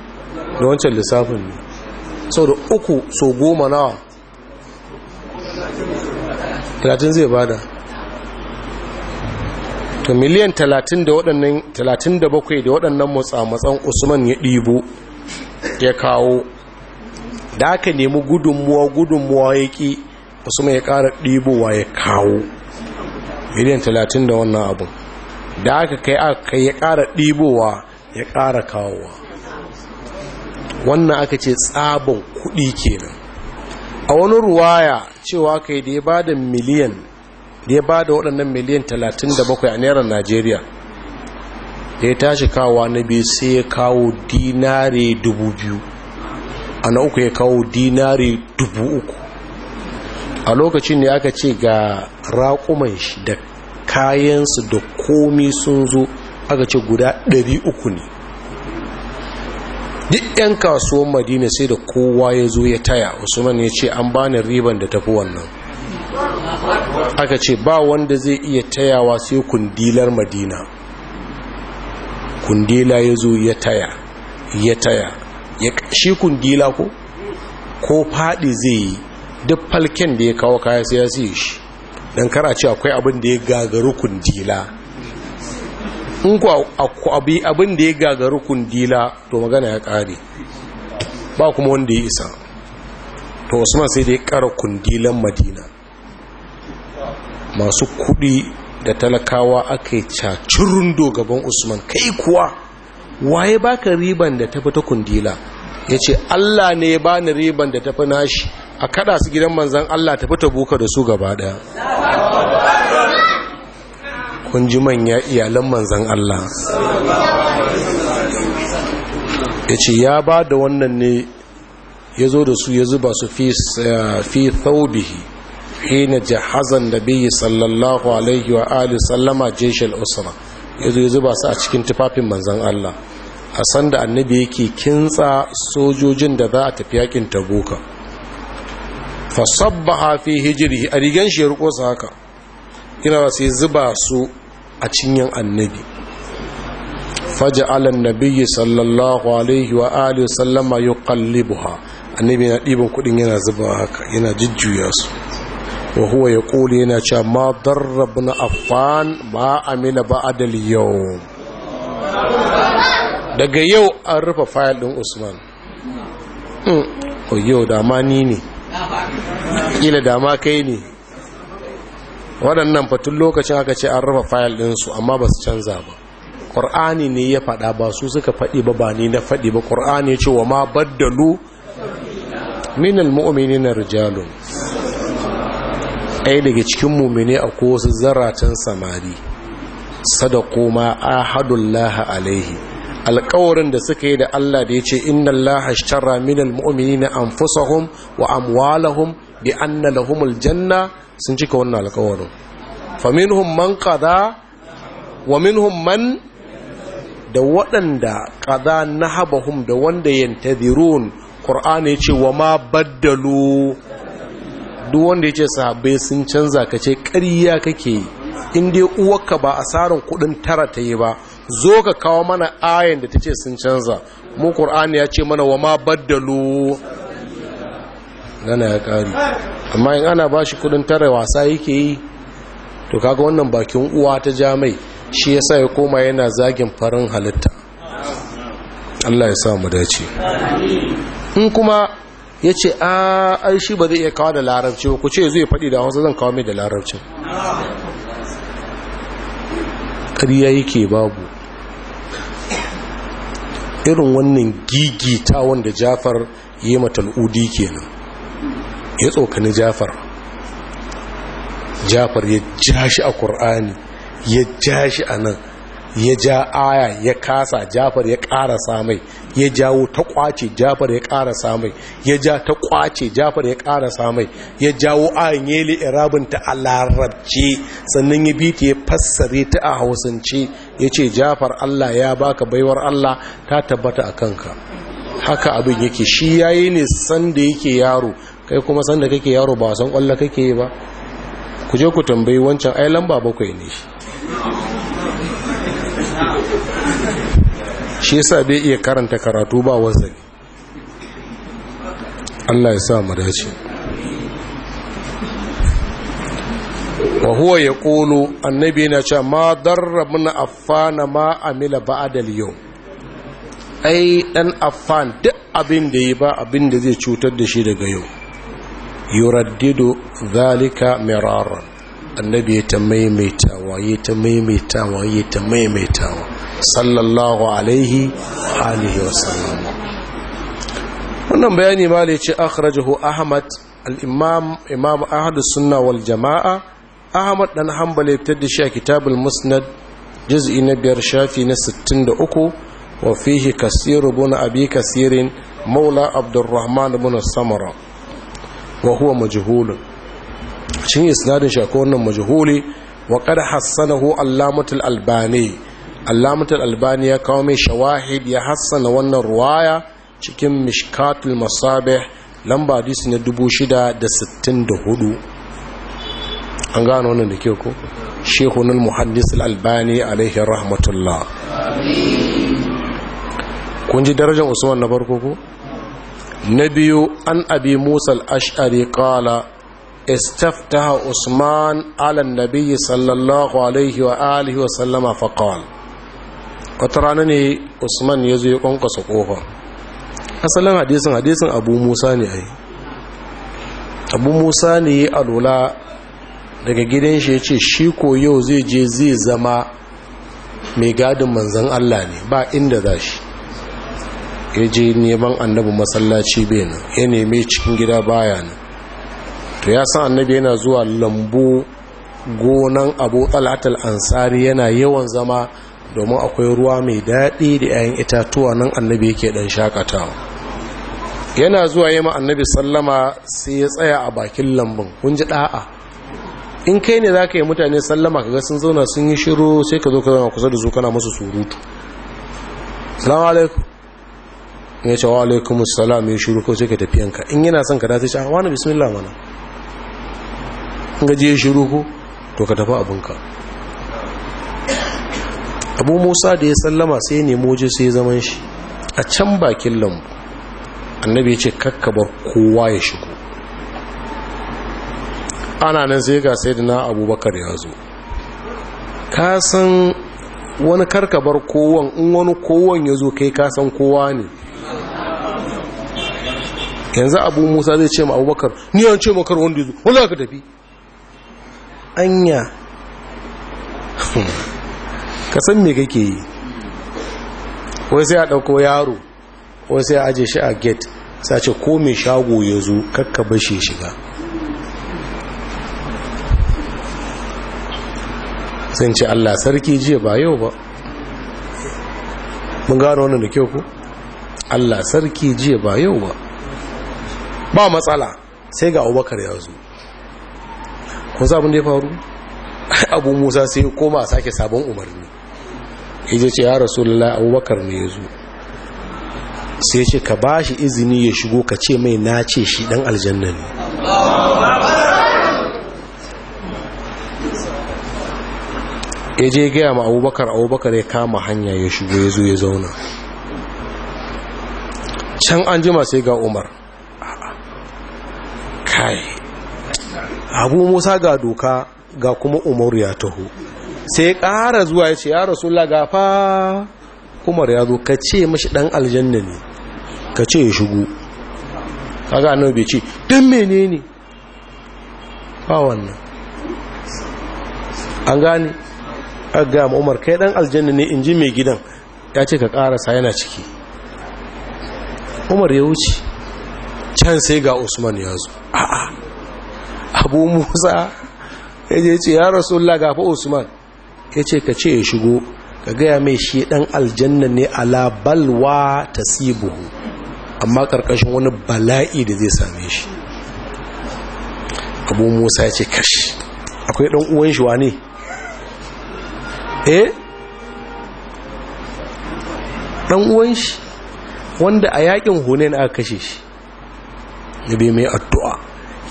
da wancan lissafin ne sau da uku so goma nawa talatin zai bada to miliyan 30 da waɗannan 37 da waɗannan matsamatsan usman ya ɗibo ya kawo da aka nemi gudunmuwa gudunmuwa ya ƙi usman ya ƙara ɗibowa ya kawo miliyan 30 da wannan abu da aka kai aka ya ƙara ɗibowa ya ƙara kawowa wannan aka ce tsabin kuɗi kenan a wani ruwaya cewa kai da ya ba da miliyan da ya ba da waɗannan miliyan 37 a naira najeriya da ya tashi kawo na biyu sai ya kawo dinare 2000 a na uku ya kawo dinare 3000 a lokacin ne aka ce ga raƙuman shi da kayansu da komi sun zo aka ce guda 300 ne duk 'yan kasuwan madina sai da kowa ya zo ya taya usman ya ce an bani riban da tafi wannan aka ce ba wanda zai iya tayawa sai kundilar madina kundila ya zo ya taya ya taya shi kundila ko ko faɗi zai yi duk falken da ya kawo kaya sai ya siye shi don kara ce akwai abin da ya gagaru kundila in ku abin da ya gagaru kundila to magana ya ƙare ba kuma wanda ya isa to usman sai da ya kara kundilan madina masu kuɗi da talakawa aka yi rundo gaban usman kai kuwa waye baka riban da tafi ta kundila ya ce allah ne ya bani riban da tafi nashi a kada su gidan manzan allah tafi ta buka da su gaba daya kun ji manya iyalan manzan allah ya ce ya ba da wannan ne ya zo da su ya zuba su fi eh, thaubihi hina jahazan nabiyyi sallallahu alaihi wa sallama jeshal usra yazo ya zuba su a cikin tufafin manzon Allah a sanda annabi yake kintsa sojojin da za a tafi yakin tabuka fa sabbaha fi hijri a rigan shi ya riko su haka ina sai zuba su a cinyan annabi Faja'alan an-nabiyyi sallallahu alaihi wa alihi sallama yuqallibuha annabi na ɗiban kuɗin yana zuba haka yana jujjuya su wa huwa ya ƙuli yana cewa ma na afan ba amila ba adal yau daga yau an rufe fayil ɗin usman hmm. yau dama ni ne ƙila dama kai ne waɗannan fatun lokacin aka ce an rufe fayil su amma ba su canza ba ƙur'ani ne ya faɗa ba su suka faɗi ba ba ne na faɗi ba ya ce wa ma baddalu minal mu'mini na rijalun ɗaya daga cikin mumine a wasu zaratan samari sadako ma laha alaihi alkawarin da suka yi da Allah da ya ce inna Allah ashtara minal na anfusahum wa amwalahum bi anna lahumul janna sun cika wannan alkawarin faminhum man kada wa minhum man da waɗanda kada qada hun da wanda yantazirun qur'ani ya ce wa ma baddalo. duk wanda ya ce sahabbai sun canza ka ce ka kake yi in dai uwarka ba a asarin kudin tara ta yi ba zo ka kawo mana ayan da ta ce sun canza mu ƙur'ani ya ce mana wa ma baddalo gana ya ƙari amma in ana ba shi kudin tara wasa yake yi to kaga wannan bakin uwa ta ja mai shi sa ya koma yana zagin farin halitta Allah ya sa mu dace in kuma ya ce a shi ba zai iya kawo da larabci ku ce zai faɗi da wasu zan kawo mai da larabcin ƙarya yake babu irin wannan gigita wanda jafar yi matal'udi kenan ya tsokani jafar jafar ya ja shi a ƙur'ani ya ja shi a nan ya ja aya ya kasa jafar ya ƙara samai. ya jawo ta kwace jafar ya ƙara samai. ya ja ta kwace jafar ya ƙara samai. ya jawo ayan yeli irabinta a larabci sannan ya biti ya fassare ta a hausance ya ce jafar allah ya baka baiwar allah ta tabbata a kanka haka abin yake shi ya yi ne sanda yake yaro kai kuma sanda kake yaro ba wasan kwallo kake yi ba ku je ku tambayi wancan ai lamba bakwai ne shi shi yasa bai iya karanta karatu ba wazani Allah ya sa mu dace wa huwa yaqulu annabi na cewa ma darra min affana ma amila ba'da al-yawm ai dan affan duk abin da yi ba abin da zai cutar da shi daga yau yuraddidu zalika miraran annabi ya ta maimaitawa ya ta maimaitawa ya ta maimaitawa sallallahu alaihi alihi wasallam wannan bayani ma da ya ce akhrajahu ahmad al-imam imam ahlus sunna wal jama'a ahmad dan hanbali fitar da shi a kitabul musnad juz'i na biyar shafi na 63 wa fihi kasir ibn abi kasirin maula abdurrahman ibn samara wa huwa majhul shin isnadin shi ko wannan majhuli wa qad hassanahu allamatul albani allamatar albani ya kawo mai shawahid ya hassana wannan ruwaya cikin mishkatul Masabe lamba hadisi na 664 an gano wannan da ke ko shekunan muhaddis al-albani alaihi rahmatullah kun ji darajar usman na farko ko na biyu an abi musa al-ash'ari kala استفتح عثمان على النبي صلى الله عليه وآله وسلم فقال wata rana ne usman ya zo ya kwankwasa kofa asalin hadisin hadisin abu musa ne ai abu musa ne ya alola daga gidan shi ya ce shi ko yau zai je zai zama mai gadin manzan allah ne ba inda za shi ya je neman annabi masallaci bena ya neme cikin gida baya nan to ya san annabi yana zuwa lambu gonan abu talatal ansari yana yawan zama domin akwai ruwa mai daɗi da 'ya'yan itatuwa nan annabi yake ɗan shakatawa yana zuwa yi ma annabi sallama sai ya tsaya a bakin lambun kun ji ɗa'a in kai ne za ka yi mutane sallama kaga sun zauna sun yi shiru sai ka zo ka zama kusa da zo kana musu surutu salamu alaikum ya ce wa alaikum salam ya shiru ko sai ka tafi yanka in yana son ka dace shi ah, wani bismillah mana in gaji ya shiru ko to ka tafi abinka abu musa da ya sallama sai ya nemo je sai ya zaman shi a can bakin lambu annabi ya ce kakkabar kowa ya shigo ana nan sai ga sai na abubakar ya zo ka san wani karkabar kowan in wani kowan ya zo kai ka san kowa ne yanzu abu musa zai ce ma abubakar ni an ce makar wanda ya zo wani ka tafi anya ka san me kake yi wai sai a ɗauko yaro wai sai a aje shi a gate sai ce ko mai shago ya zo kakka bashe shiga sun ce allah sarki jiya ba yau ba mun gano wannan da kyau ku allah sarki jiya ba yau ba ba matsala sai ga abubakar ya zo kun sabon da ya faru abu musa sai koma sake sabon umarni ya ce ya rasu rasulullah abubakar ne ya zo sai ce ka ba shi izini ya shigo ka ce mai na ce shi dan aljanna ne ya je gaya ma abubakar abubakar ya kama hanya ya shigo ya zo ya zauna can an jima sai ga umar kai abu musa ga doka ga kuma umar ya taho sai ya ƙara zuwa ya ce ya rasu gafa umar ya zo ka ce mashi ɗan aljanna ne ka ce ya shigo kaga annabi bai ce mene menene ba wannan an gane a ga umar kai dan aljanna ne in ji mai gidan ya ce ka sa yana ciki umar ya wuce can sai ga usman ya zo a'a abu musa ya ce ya rasu lagafa usman ya ce ka ce ya shigo ka gaya mai shi ɗan aljanna ne ala balwa ta amma ƙarƙashin wani bala'i da zai same shi abu musa ya ce kashi akwai ɗan uwan shi wane eh ɗan uwan shi wanda a yakin hunayen aka kashe shi nabi mai addu'a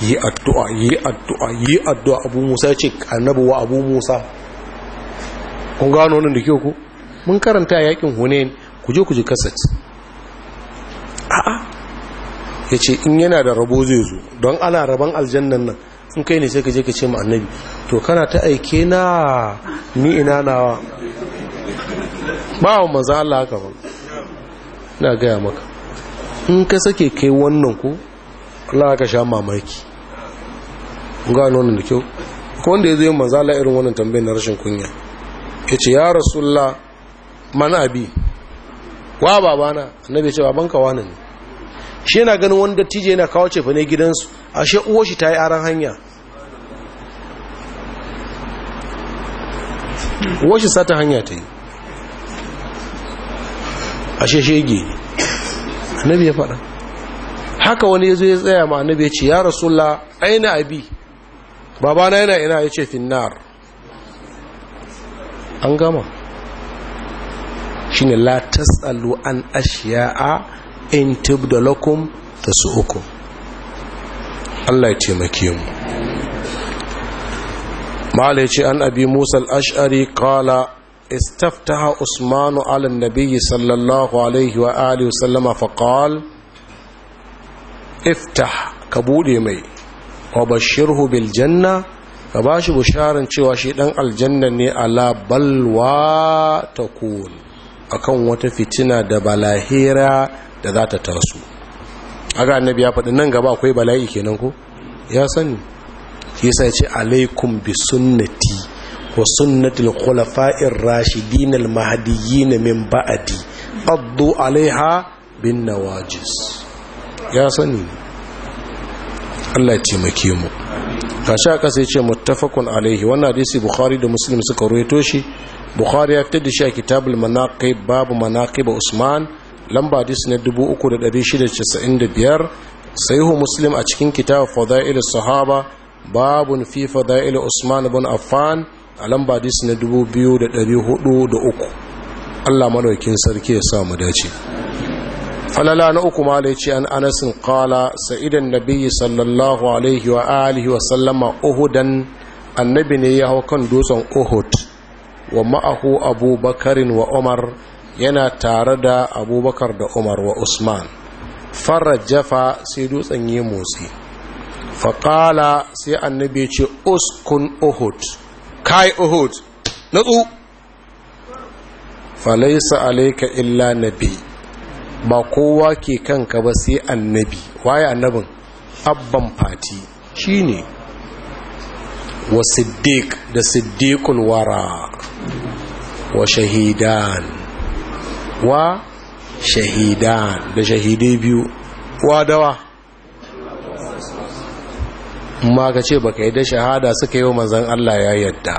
yi addu'a yi addu'a yi addu'a abu musa ya ce annabi abu musa kun gano wannan da kyau ku mun karanta yakin hunain ku je ku ji kasat a'a ya ce in yana da rabo zai zo don ana raban aljannan nan in kai ne sai ka je ka ce ma'anabi annabi to kana ta aike na ni ina nawa ba wa maza Allah haka ba na gaya maka in ka sake kai wannan ku Allah ka sha mamaki gano wannan da kyau ko wanda ya zo yin maza Allah irin wannan tambayar na rashin kunya ya ce ya rasulla mana abi wa babana annabi ya ce ka wani ne shi yana ganin wanda tije yana kawo cefa ne gidansu shi uwa shi ta yi aran hanya uwa shi sata hanya ta yi ashe shege ne annabi ya faɗa haka wani ya zo ya tsaya ma annabi ya ce ya rasulla aina abi babana yana ina ya ce finnar an gama shine la tasalu an ashiya'a in tubda lakum uku Allah ya taimake mu mala ce an abi Musa al-Ash'ari qala استفتح عثمان على النبي صلى الله عليه وآله وسلم فقال افتح كبولي ka ba shi bisharar cewa shi ɗan aljanna ne ala balwa ta akan wata fitina da balahira da za ta taso aga annabi ya faɗi nan gaba akwai bala'i kenan ko ya sani shi sai ce alaikum bi sunnati wa sunnatil khulafa'ir rashidin al mahdiyyin min ba'adi addu alaiha bin nawajis ya sani Allah ya taimake mu gashi ƙasa ya ce muttafaqun alaihi wannan hadisi bukhari da muslim suka ruwaito shi bukhari ya fitar da shi a kitabul manaqib babu manaqib usman lamba hadis na 3695 sahihu muslim a cikin kitab fadail sahaba Babu fi fadail usman ibn affan a lamba hadis na 2403 Allah madaukin sarki ya sa mu dace falala na uku ma ce an anasin kala sa'idan nabiyyi sallallahu alaihi wa alihi wa sallama uhudan annabi ne ya hau kan dutsen uhud wa ma'ahu abubakarin wa umar yana tare da abubakar da umar wa usman farar jafa sai dutsen yi motsi faƙala sai annabi ce uskun uhud kai uhud natsu falaisa alaika illa nabi ba kowa ke kanka ba sai annabi waye annabin abban fati shi ne. wa siddiq da siddiqul wara wa shahidan wa shahidan da shahidai biyu wa dawa ma ka ce baka yi da shahada suka yi wa manzan Allah ya yadda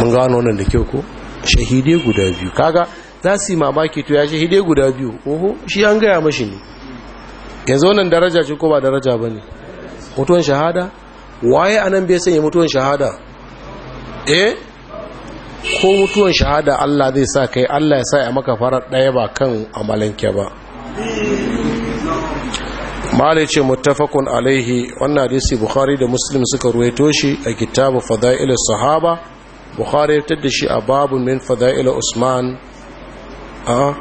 mun gano wannan da kyau ko shahidai guda biyu kaga za su yi mamaki to ya ce hide guda biyu oho shi an gaya mashi ne yanzu wannan daraja ce ko ba daraja ba ne mutuwan shahada waye a nan bai sanya mutuwan shahada eh ko mutuwan shahada Allah zai sa kai Allah ya sa ya maka farar ɗaya ba kan amalanke ba mali ce mutafakun alaihi wannan hadisi bukhari da muslim suka ruwaito shi a kitabu fada'il sahaba bukhari ya fitar da shi a babu min fada'il usman a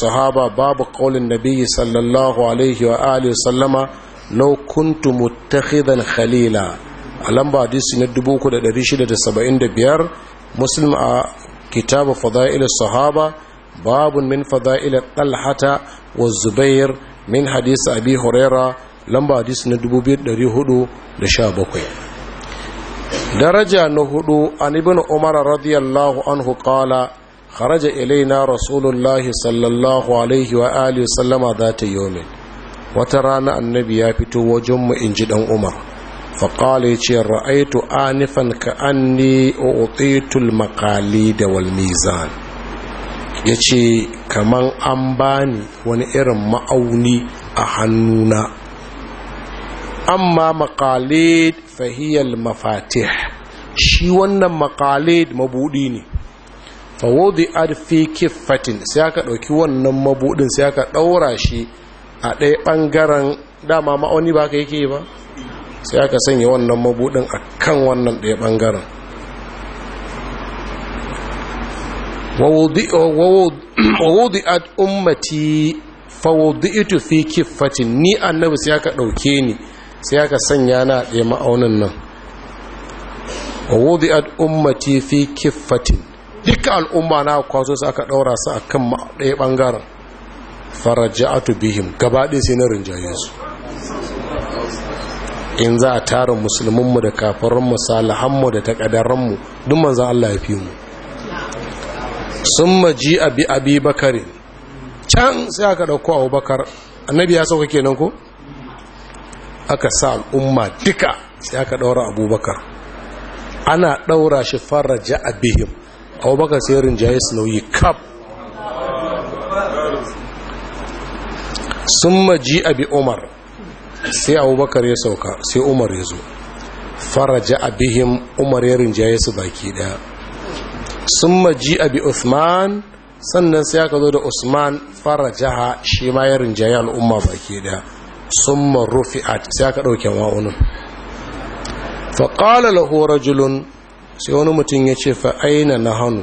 sahaba babu qaulin nabiyyi sallallahu alaihi wa alihi sallama law kuntu muttakhidan khalila a lamba hadisi na 3675 muslim a kitabu fada'il sahaba babu min fada'il talhata wa zubair min hadisi abi huraira lamba hadisi na 2417 daraja na hudu an ibn umar radiyallahu anhu kala. kharaja ilaina rasulullahi sallallahu alaihi wa alihi sallama za ta yomin wata rana annabi ya fito wajenmu in ji dan umar faƙala ya ce ra'aitu anifan ka anni u'titul makali da walmizan kaman an bani wani irin ma'auni a hannuna amma makalid fahiyar mafatih shi wannan makalid mabudi ne fawodi arfi fi kiffatin sai aka ɗauki wannan mabudin sai aka ɗaura shi a ɗaya ɓangaren dama ma'auni ba ka yake ba sai aka sanya wannan mabudin a kan wannan ɗaya ɓangaren wawudi ad ummati ito fi kiffatin ni annabi sai aka ɗauke ni sai aka sanya na ɗaya ma'aunin nan wawudi ad ummati fi kiffatin duka al'umma na kwazo su aka ɗaura su a kan ɗaya ɓangaren faraja'atu bihim gabaɗe sai na rinjaye su in za a tara musulmanmu da kafarinmu salahanmu da takadaranmu duk manzan Allah ya fi mu sun maji abi abi bakari can sai aka ɗauko abu bakar annabi ya sauka kenan ko aka sa al'umma duka sai aka ɗaura abubakar ana ɗaura shi faraja abihim abubakar sai rinjaye su nauyi kaf sun maji abi umar sai abubakar ya sauka sai umar ya zo faraja abihim umar ya rinjaye su baki daya sun maji abi Usman sannan sai aka zo da usman farajaha shi ma ya rinjaye al'umma baki daya sun marufi'at sai aka ɗauke wa'unin faƙala lahu rajulun sai wani mutum ya ce fa aina na hannu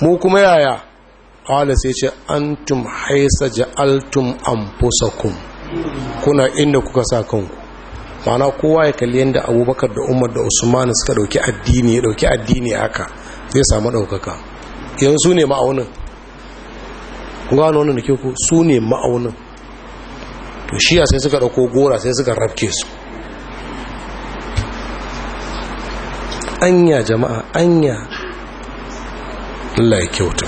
mu kuma yaya ƙwada sai ce tum haisa ja'altum kun kuna inda kuka sa kanku mana kowa ya kalli yadda abubakar da umar da usman suka dauki addini ya dauki addini haka zai samu daukaka yanzu ne ma'aunin gano wannan da ke ku su ne ma'aunin to ya sai suka dauko gora sai suka rafke su anya jama'a anya Allah ya kyauta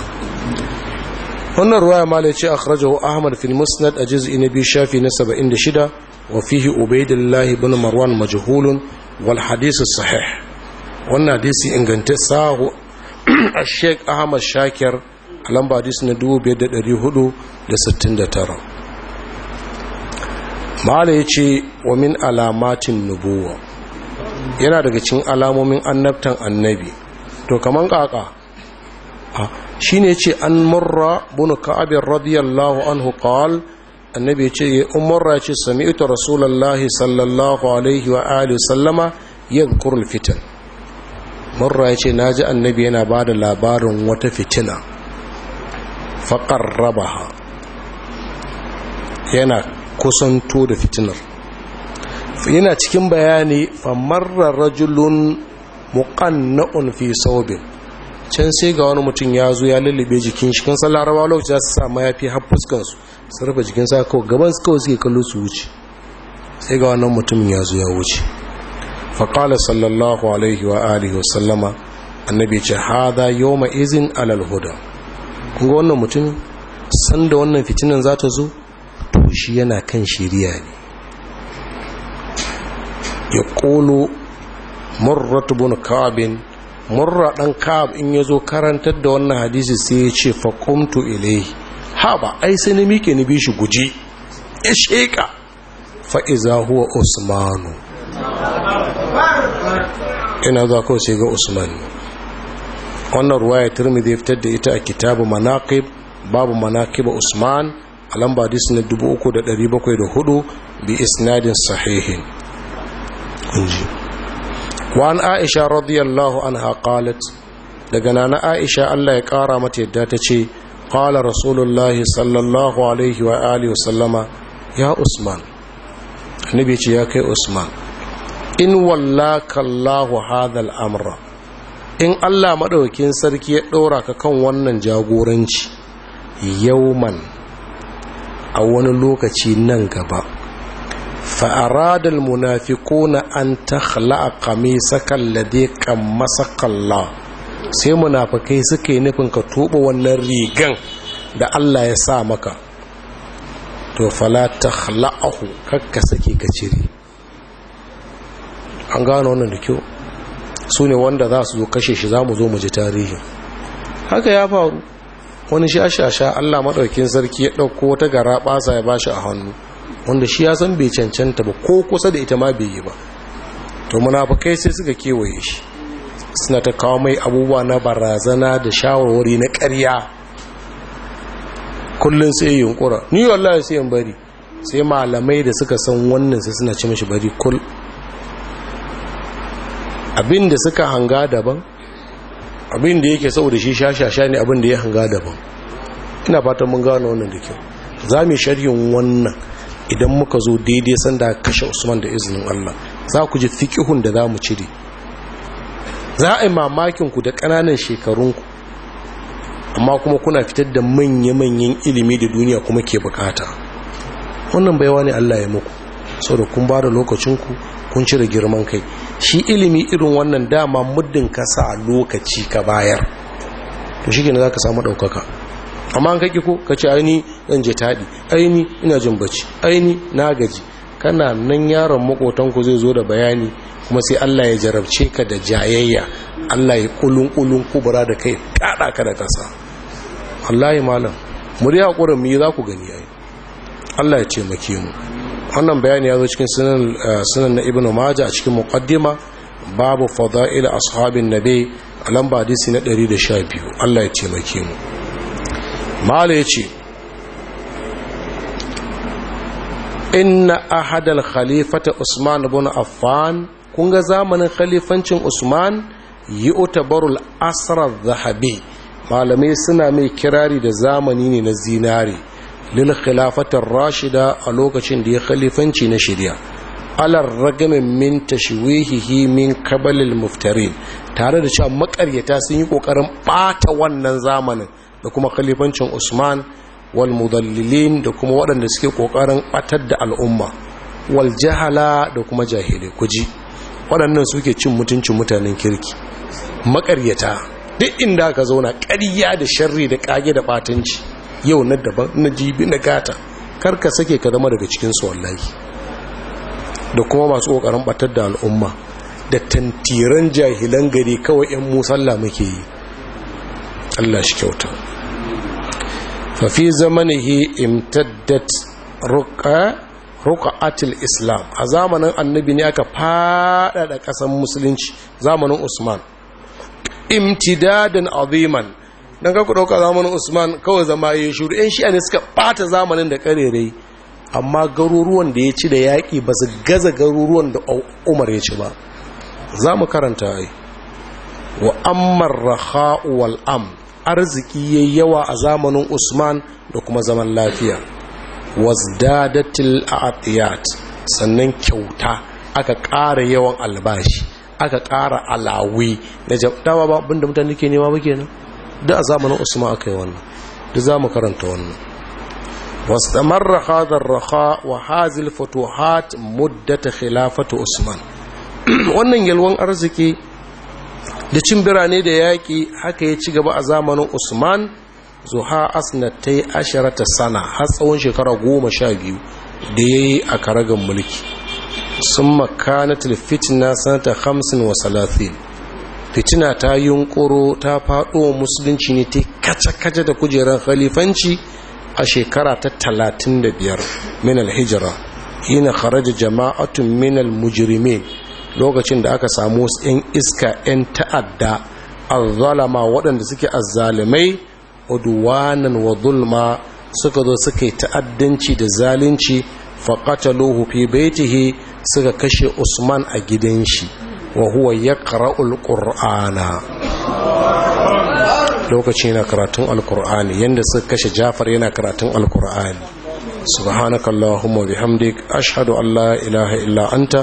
wannan ruwaya mala ce akhrajahu ahmad fil musnad a jizi na biyu shafi na 76 wa fihi ubaidillah ibn marwan majhulun wal hadith sahih wannan hadisi inganta sahu a sheikh ahmad shakir a lamba hadisi na 2469 mala yace wa min alamatin nubuwa. yana daga cikin alamomin annabtan annabi to kaman kaka Shi ne ce an murra bunu ka'abin radiyallahu anhu qal annabi yace ce sami ita rasulallahi sallallahu alaihi wa alihi sallama kurul fitan. murra ce na ji annabi yana ba da labarin wata fitina faƙar rabaha. yana kusanto da fitinar yana cikin bayani famarar rajulun muqanna'un fi saubin can sai ga wani mutum ya zo ya lullube jikin shi kan rawa lokaci za su sa ya har fuskan su su rufe jikin sa kawai gaban su kawai suke kallo su wuce sai ga wannan mutumin ya zo ya wuce faƙala sallallahu alaihi wa alihi wasallama annabi ce hada ma izin alal huda kun ga wannan mutumin san da wannan fitinan za ta zo to shi yana kan shiriya ne ya ƙolo murratu bin kabin murra ɗan kab in ya zo karantar da wannan hadisi sai ya ce faƙumtu ilai ha ba ai sai na miƙe ni bi shi guji ya sheƙa fa'iza huwa usmanu ina za kawai sai ga usman wannan ruwaya turmidi ya fitar da ita a kitabu manaqib babu Manakiba usman a lamba hadisi da 3704 bi isnadin sahihin inji wa'an aisha radiyallahu anha qalat daga nana aisha allah ya ƙara mata yadda ta ce qala rasulullahi sallallahu alaihi wa alihi wasallama ya usman annabi ce ya kai usman in wallaka allahu amra in allah maɗaukin sarki ya ɗora ka kan wannan jagoranci yauman a wani lokaci nan gaba فأراد المنافقون أن تخلع قميصك الذي قمصك الله sai munafikai suke nufin ka tuba wannan rigan da Allah ya sa maka to fala takhla'ahu kakka sake ka cire an gano wannan da kyau su ne wanda za su zo kashe shi za mu zo mu ji tarihi haka ya faru wani shashasha Allah maɗaukin sarki ya ɗauko wata gara ɓasa ya bashi a hannu wanda shi ya san bai cancanta ba ko kusa da ita ma bai yi ba to munafukai sai suka kewaye shi suna ta kawo mai abubuwa na barazana da shawarwari na ƙarya kullum sai yi yunkura ni wallahi sai yin bari sai malamai da suka san wannan sai suna ci mashi bari kul abin da suka hanga daban abin da yake saboda shi shashasha ne abin da ya hanga daban ina fatan mun gano wannan da kyau za mu yi sharhin wannan idan muka zo daidai sanda kashe usman da izinin allah za ku ji fikihun da za mu cire za a yi mamakin ku da ƙananan shekarunku amma kuma kuna fitar da manya-manyan ilimi da duniya kuma ke bukata wannan baiwa ne allah ya muku sau da kun ba da lokacinku kun cire girman kai shi ilimi irin wannan dama muddin kasa a lokaci ka bayar to shi ne za ka samu ɗaukaka amma an kake ko ka ce aini zan je taɗi aini ina jin bacci aini na gaji kana nan yaron makotanku zai zo da bayani kuma sai Allah ya jarabce ka da jayayya Allah ya kulun kulun kubura da kai kada ka da kasa wallahi malam murya kurin mu za ku gani ai Allah ya ce mu wannan bayani ya zo cikin sunan eh, na Ibn maja a cikin muqaddima babu fada'il ashabin nabi a lamba hadisi na 112 Allah ya ce mu mala ya ce inna ahadal khalifata usman bin affan kun ga zamanin khalifancin usman yi utabarul asarar zahabi malamai suna mai kirari da zamani ne na zinari lil khilafatar rashida a lokacin da ya khalifanci na shirya alar ragamin min tashwihihi min kabalil muftarin tare da cewa makaryata sun yi kokarin bata wannan zamanin da kuma khalifancin usman wal mudallilin da kuma waɗanda suke ƙoƙarin ɓatar da al'umma wal jahala da kuma jahilai kuji waɗannan suke cin mutuncin mutanen kirki maƙaryata duk inda aka zauna ƙarya da sharri da ƙage da ɓatanci yau na daban na jibi na gata karka sake ka zama daga cikin wallahi da kuma masu ƙoƙarin ɓatar da al'umma da tantiran jahilan gari kawai 'yan musalla muke yi Allah shi kyauta fafi zamanihi imtaddat ruka'atul islam a zamanin annabi ne aka faɗaɗa kasan musulunci zamanin usman imtidadan aziman don ka ɗauka zamanin usman kawai zama ya shuru yan shi'a ne suka ɓata zamanin da ƙarerai amma garuruwan da ya ci da yaƙi ba su gaza garuruwan da umar ya ci ba za mu karanta yi wa ammar raha'u wal'am arziki yayi yawa a zamanin Usman da kuma zaman lafiya wasdadatil a'atiyat sannan kyauta aka ƙara yawan albashi aka ƙara alawi da jabdawa ba abinda mutane ke nema ba kenan da a zamanin Usman aka yi wannan da za mu karanta wannan واستمر هذا الرخاء وهذه الفتوحات مدة خلافة عثمان wannan yalwan arziki da cin birane da yaƙi haka ya ci gaba a zamanin usman zuha asnatai asharata sana har tsawon shekara goma sha biyu da ya yi a karagan mulki sun makanatul fitina sanata hamsin wa salatin fitina ta yunƙuro ta faɗo musulunci ne ta kaca-kaca da kujerar khalifanci a shekara ta talatin da biyar min alhijira hina kharaja jama'atun min almujrimin lokacin da aka samu wasu 'yan iska 'yan ta'adda azzalama waɗanda suke azzalimai uduwanan wa zulma suka zo suka ta'addanci da zalunci faƙataluhu fi baitihi suka kashe usman a gidan shi wa huwa yaqra'ul qur'ana lokaci yana karatun Alƙur'ani, yadda suka kashe jafar yana karatun alkur'ani subhanakallahumma bihamdik ashhadu an la ilaha illa anta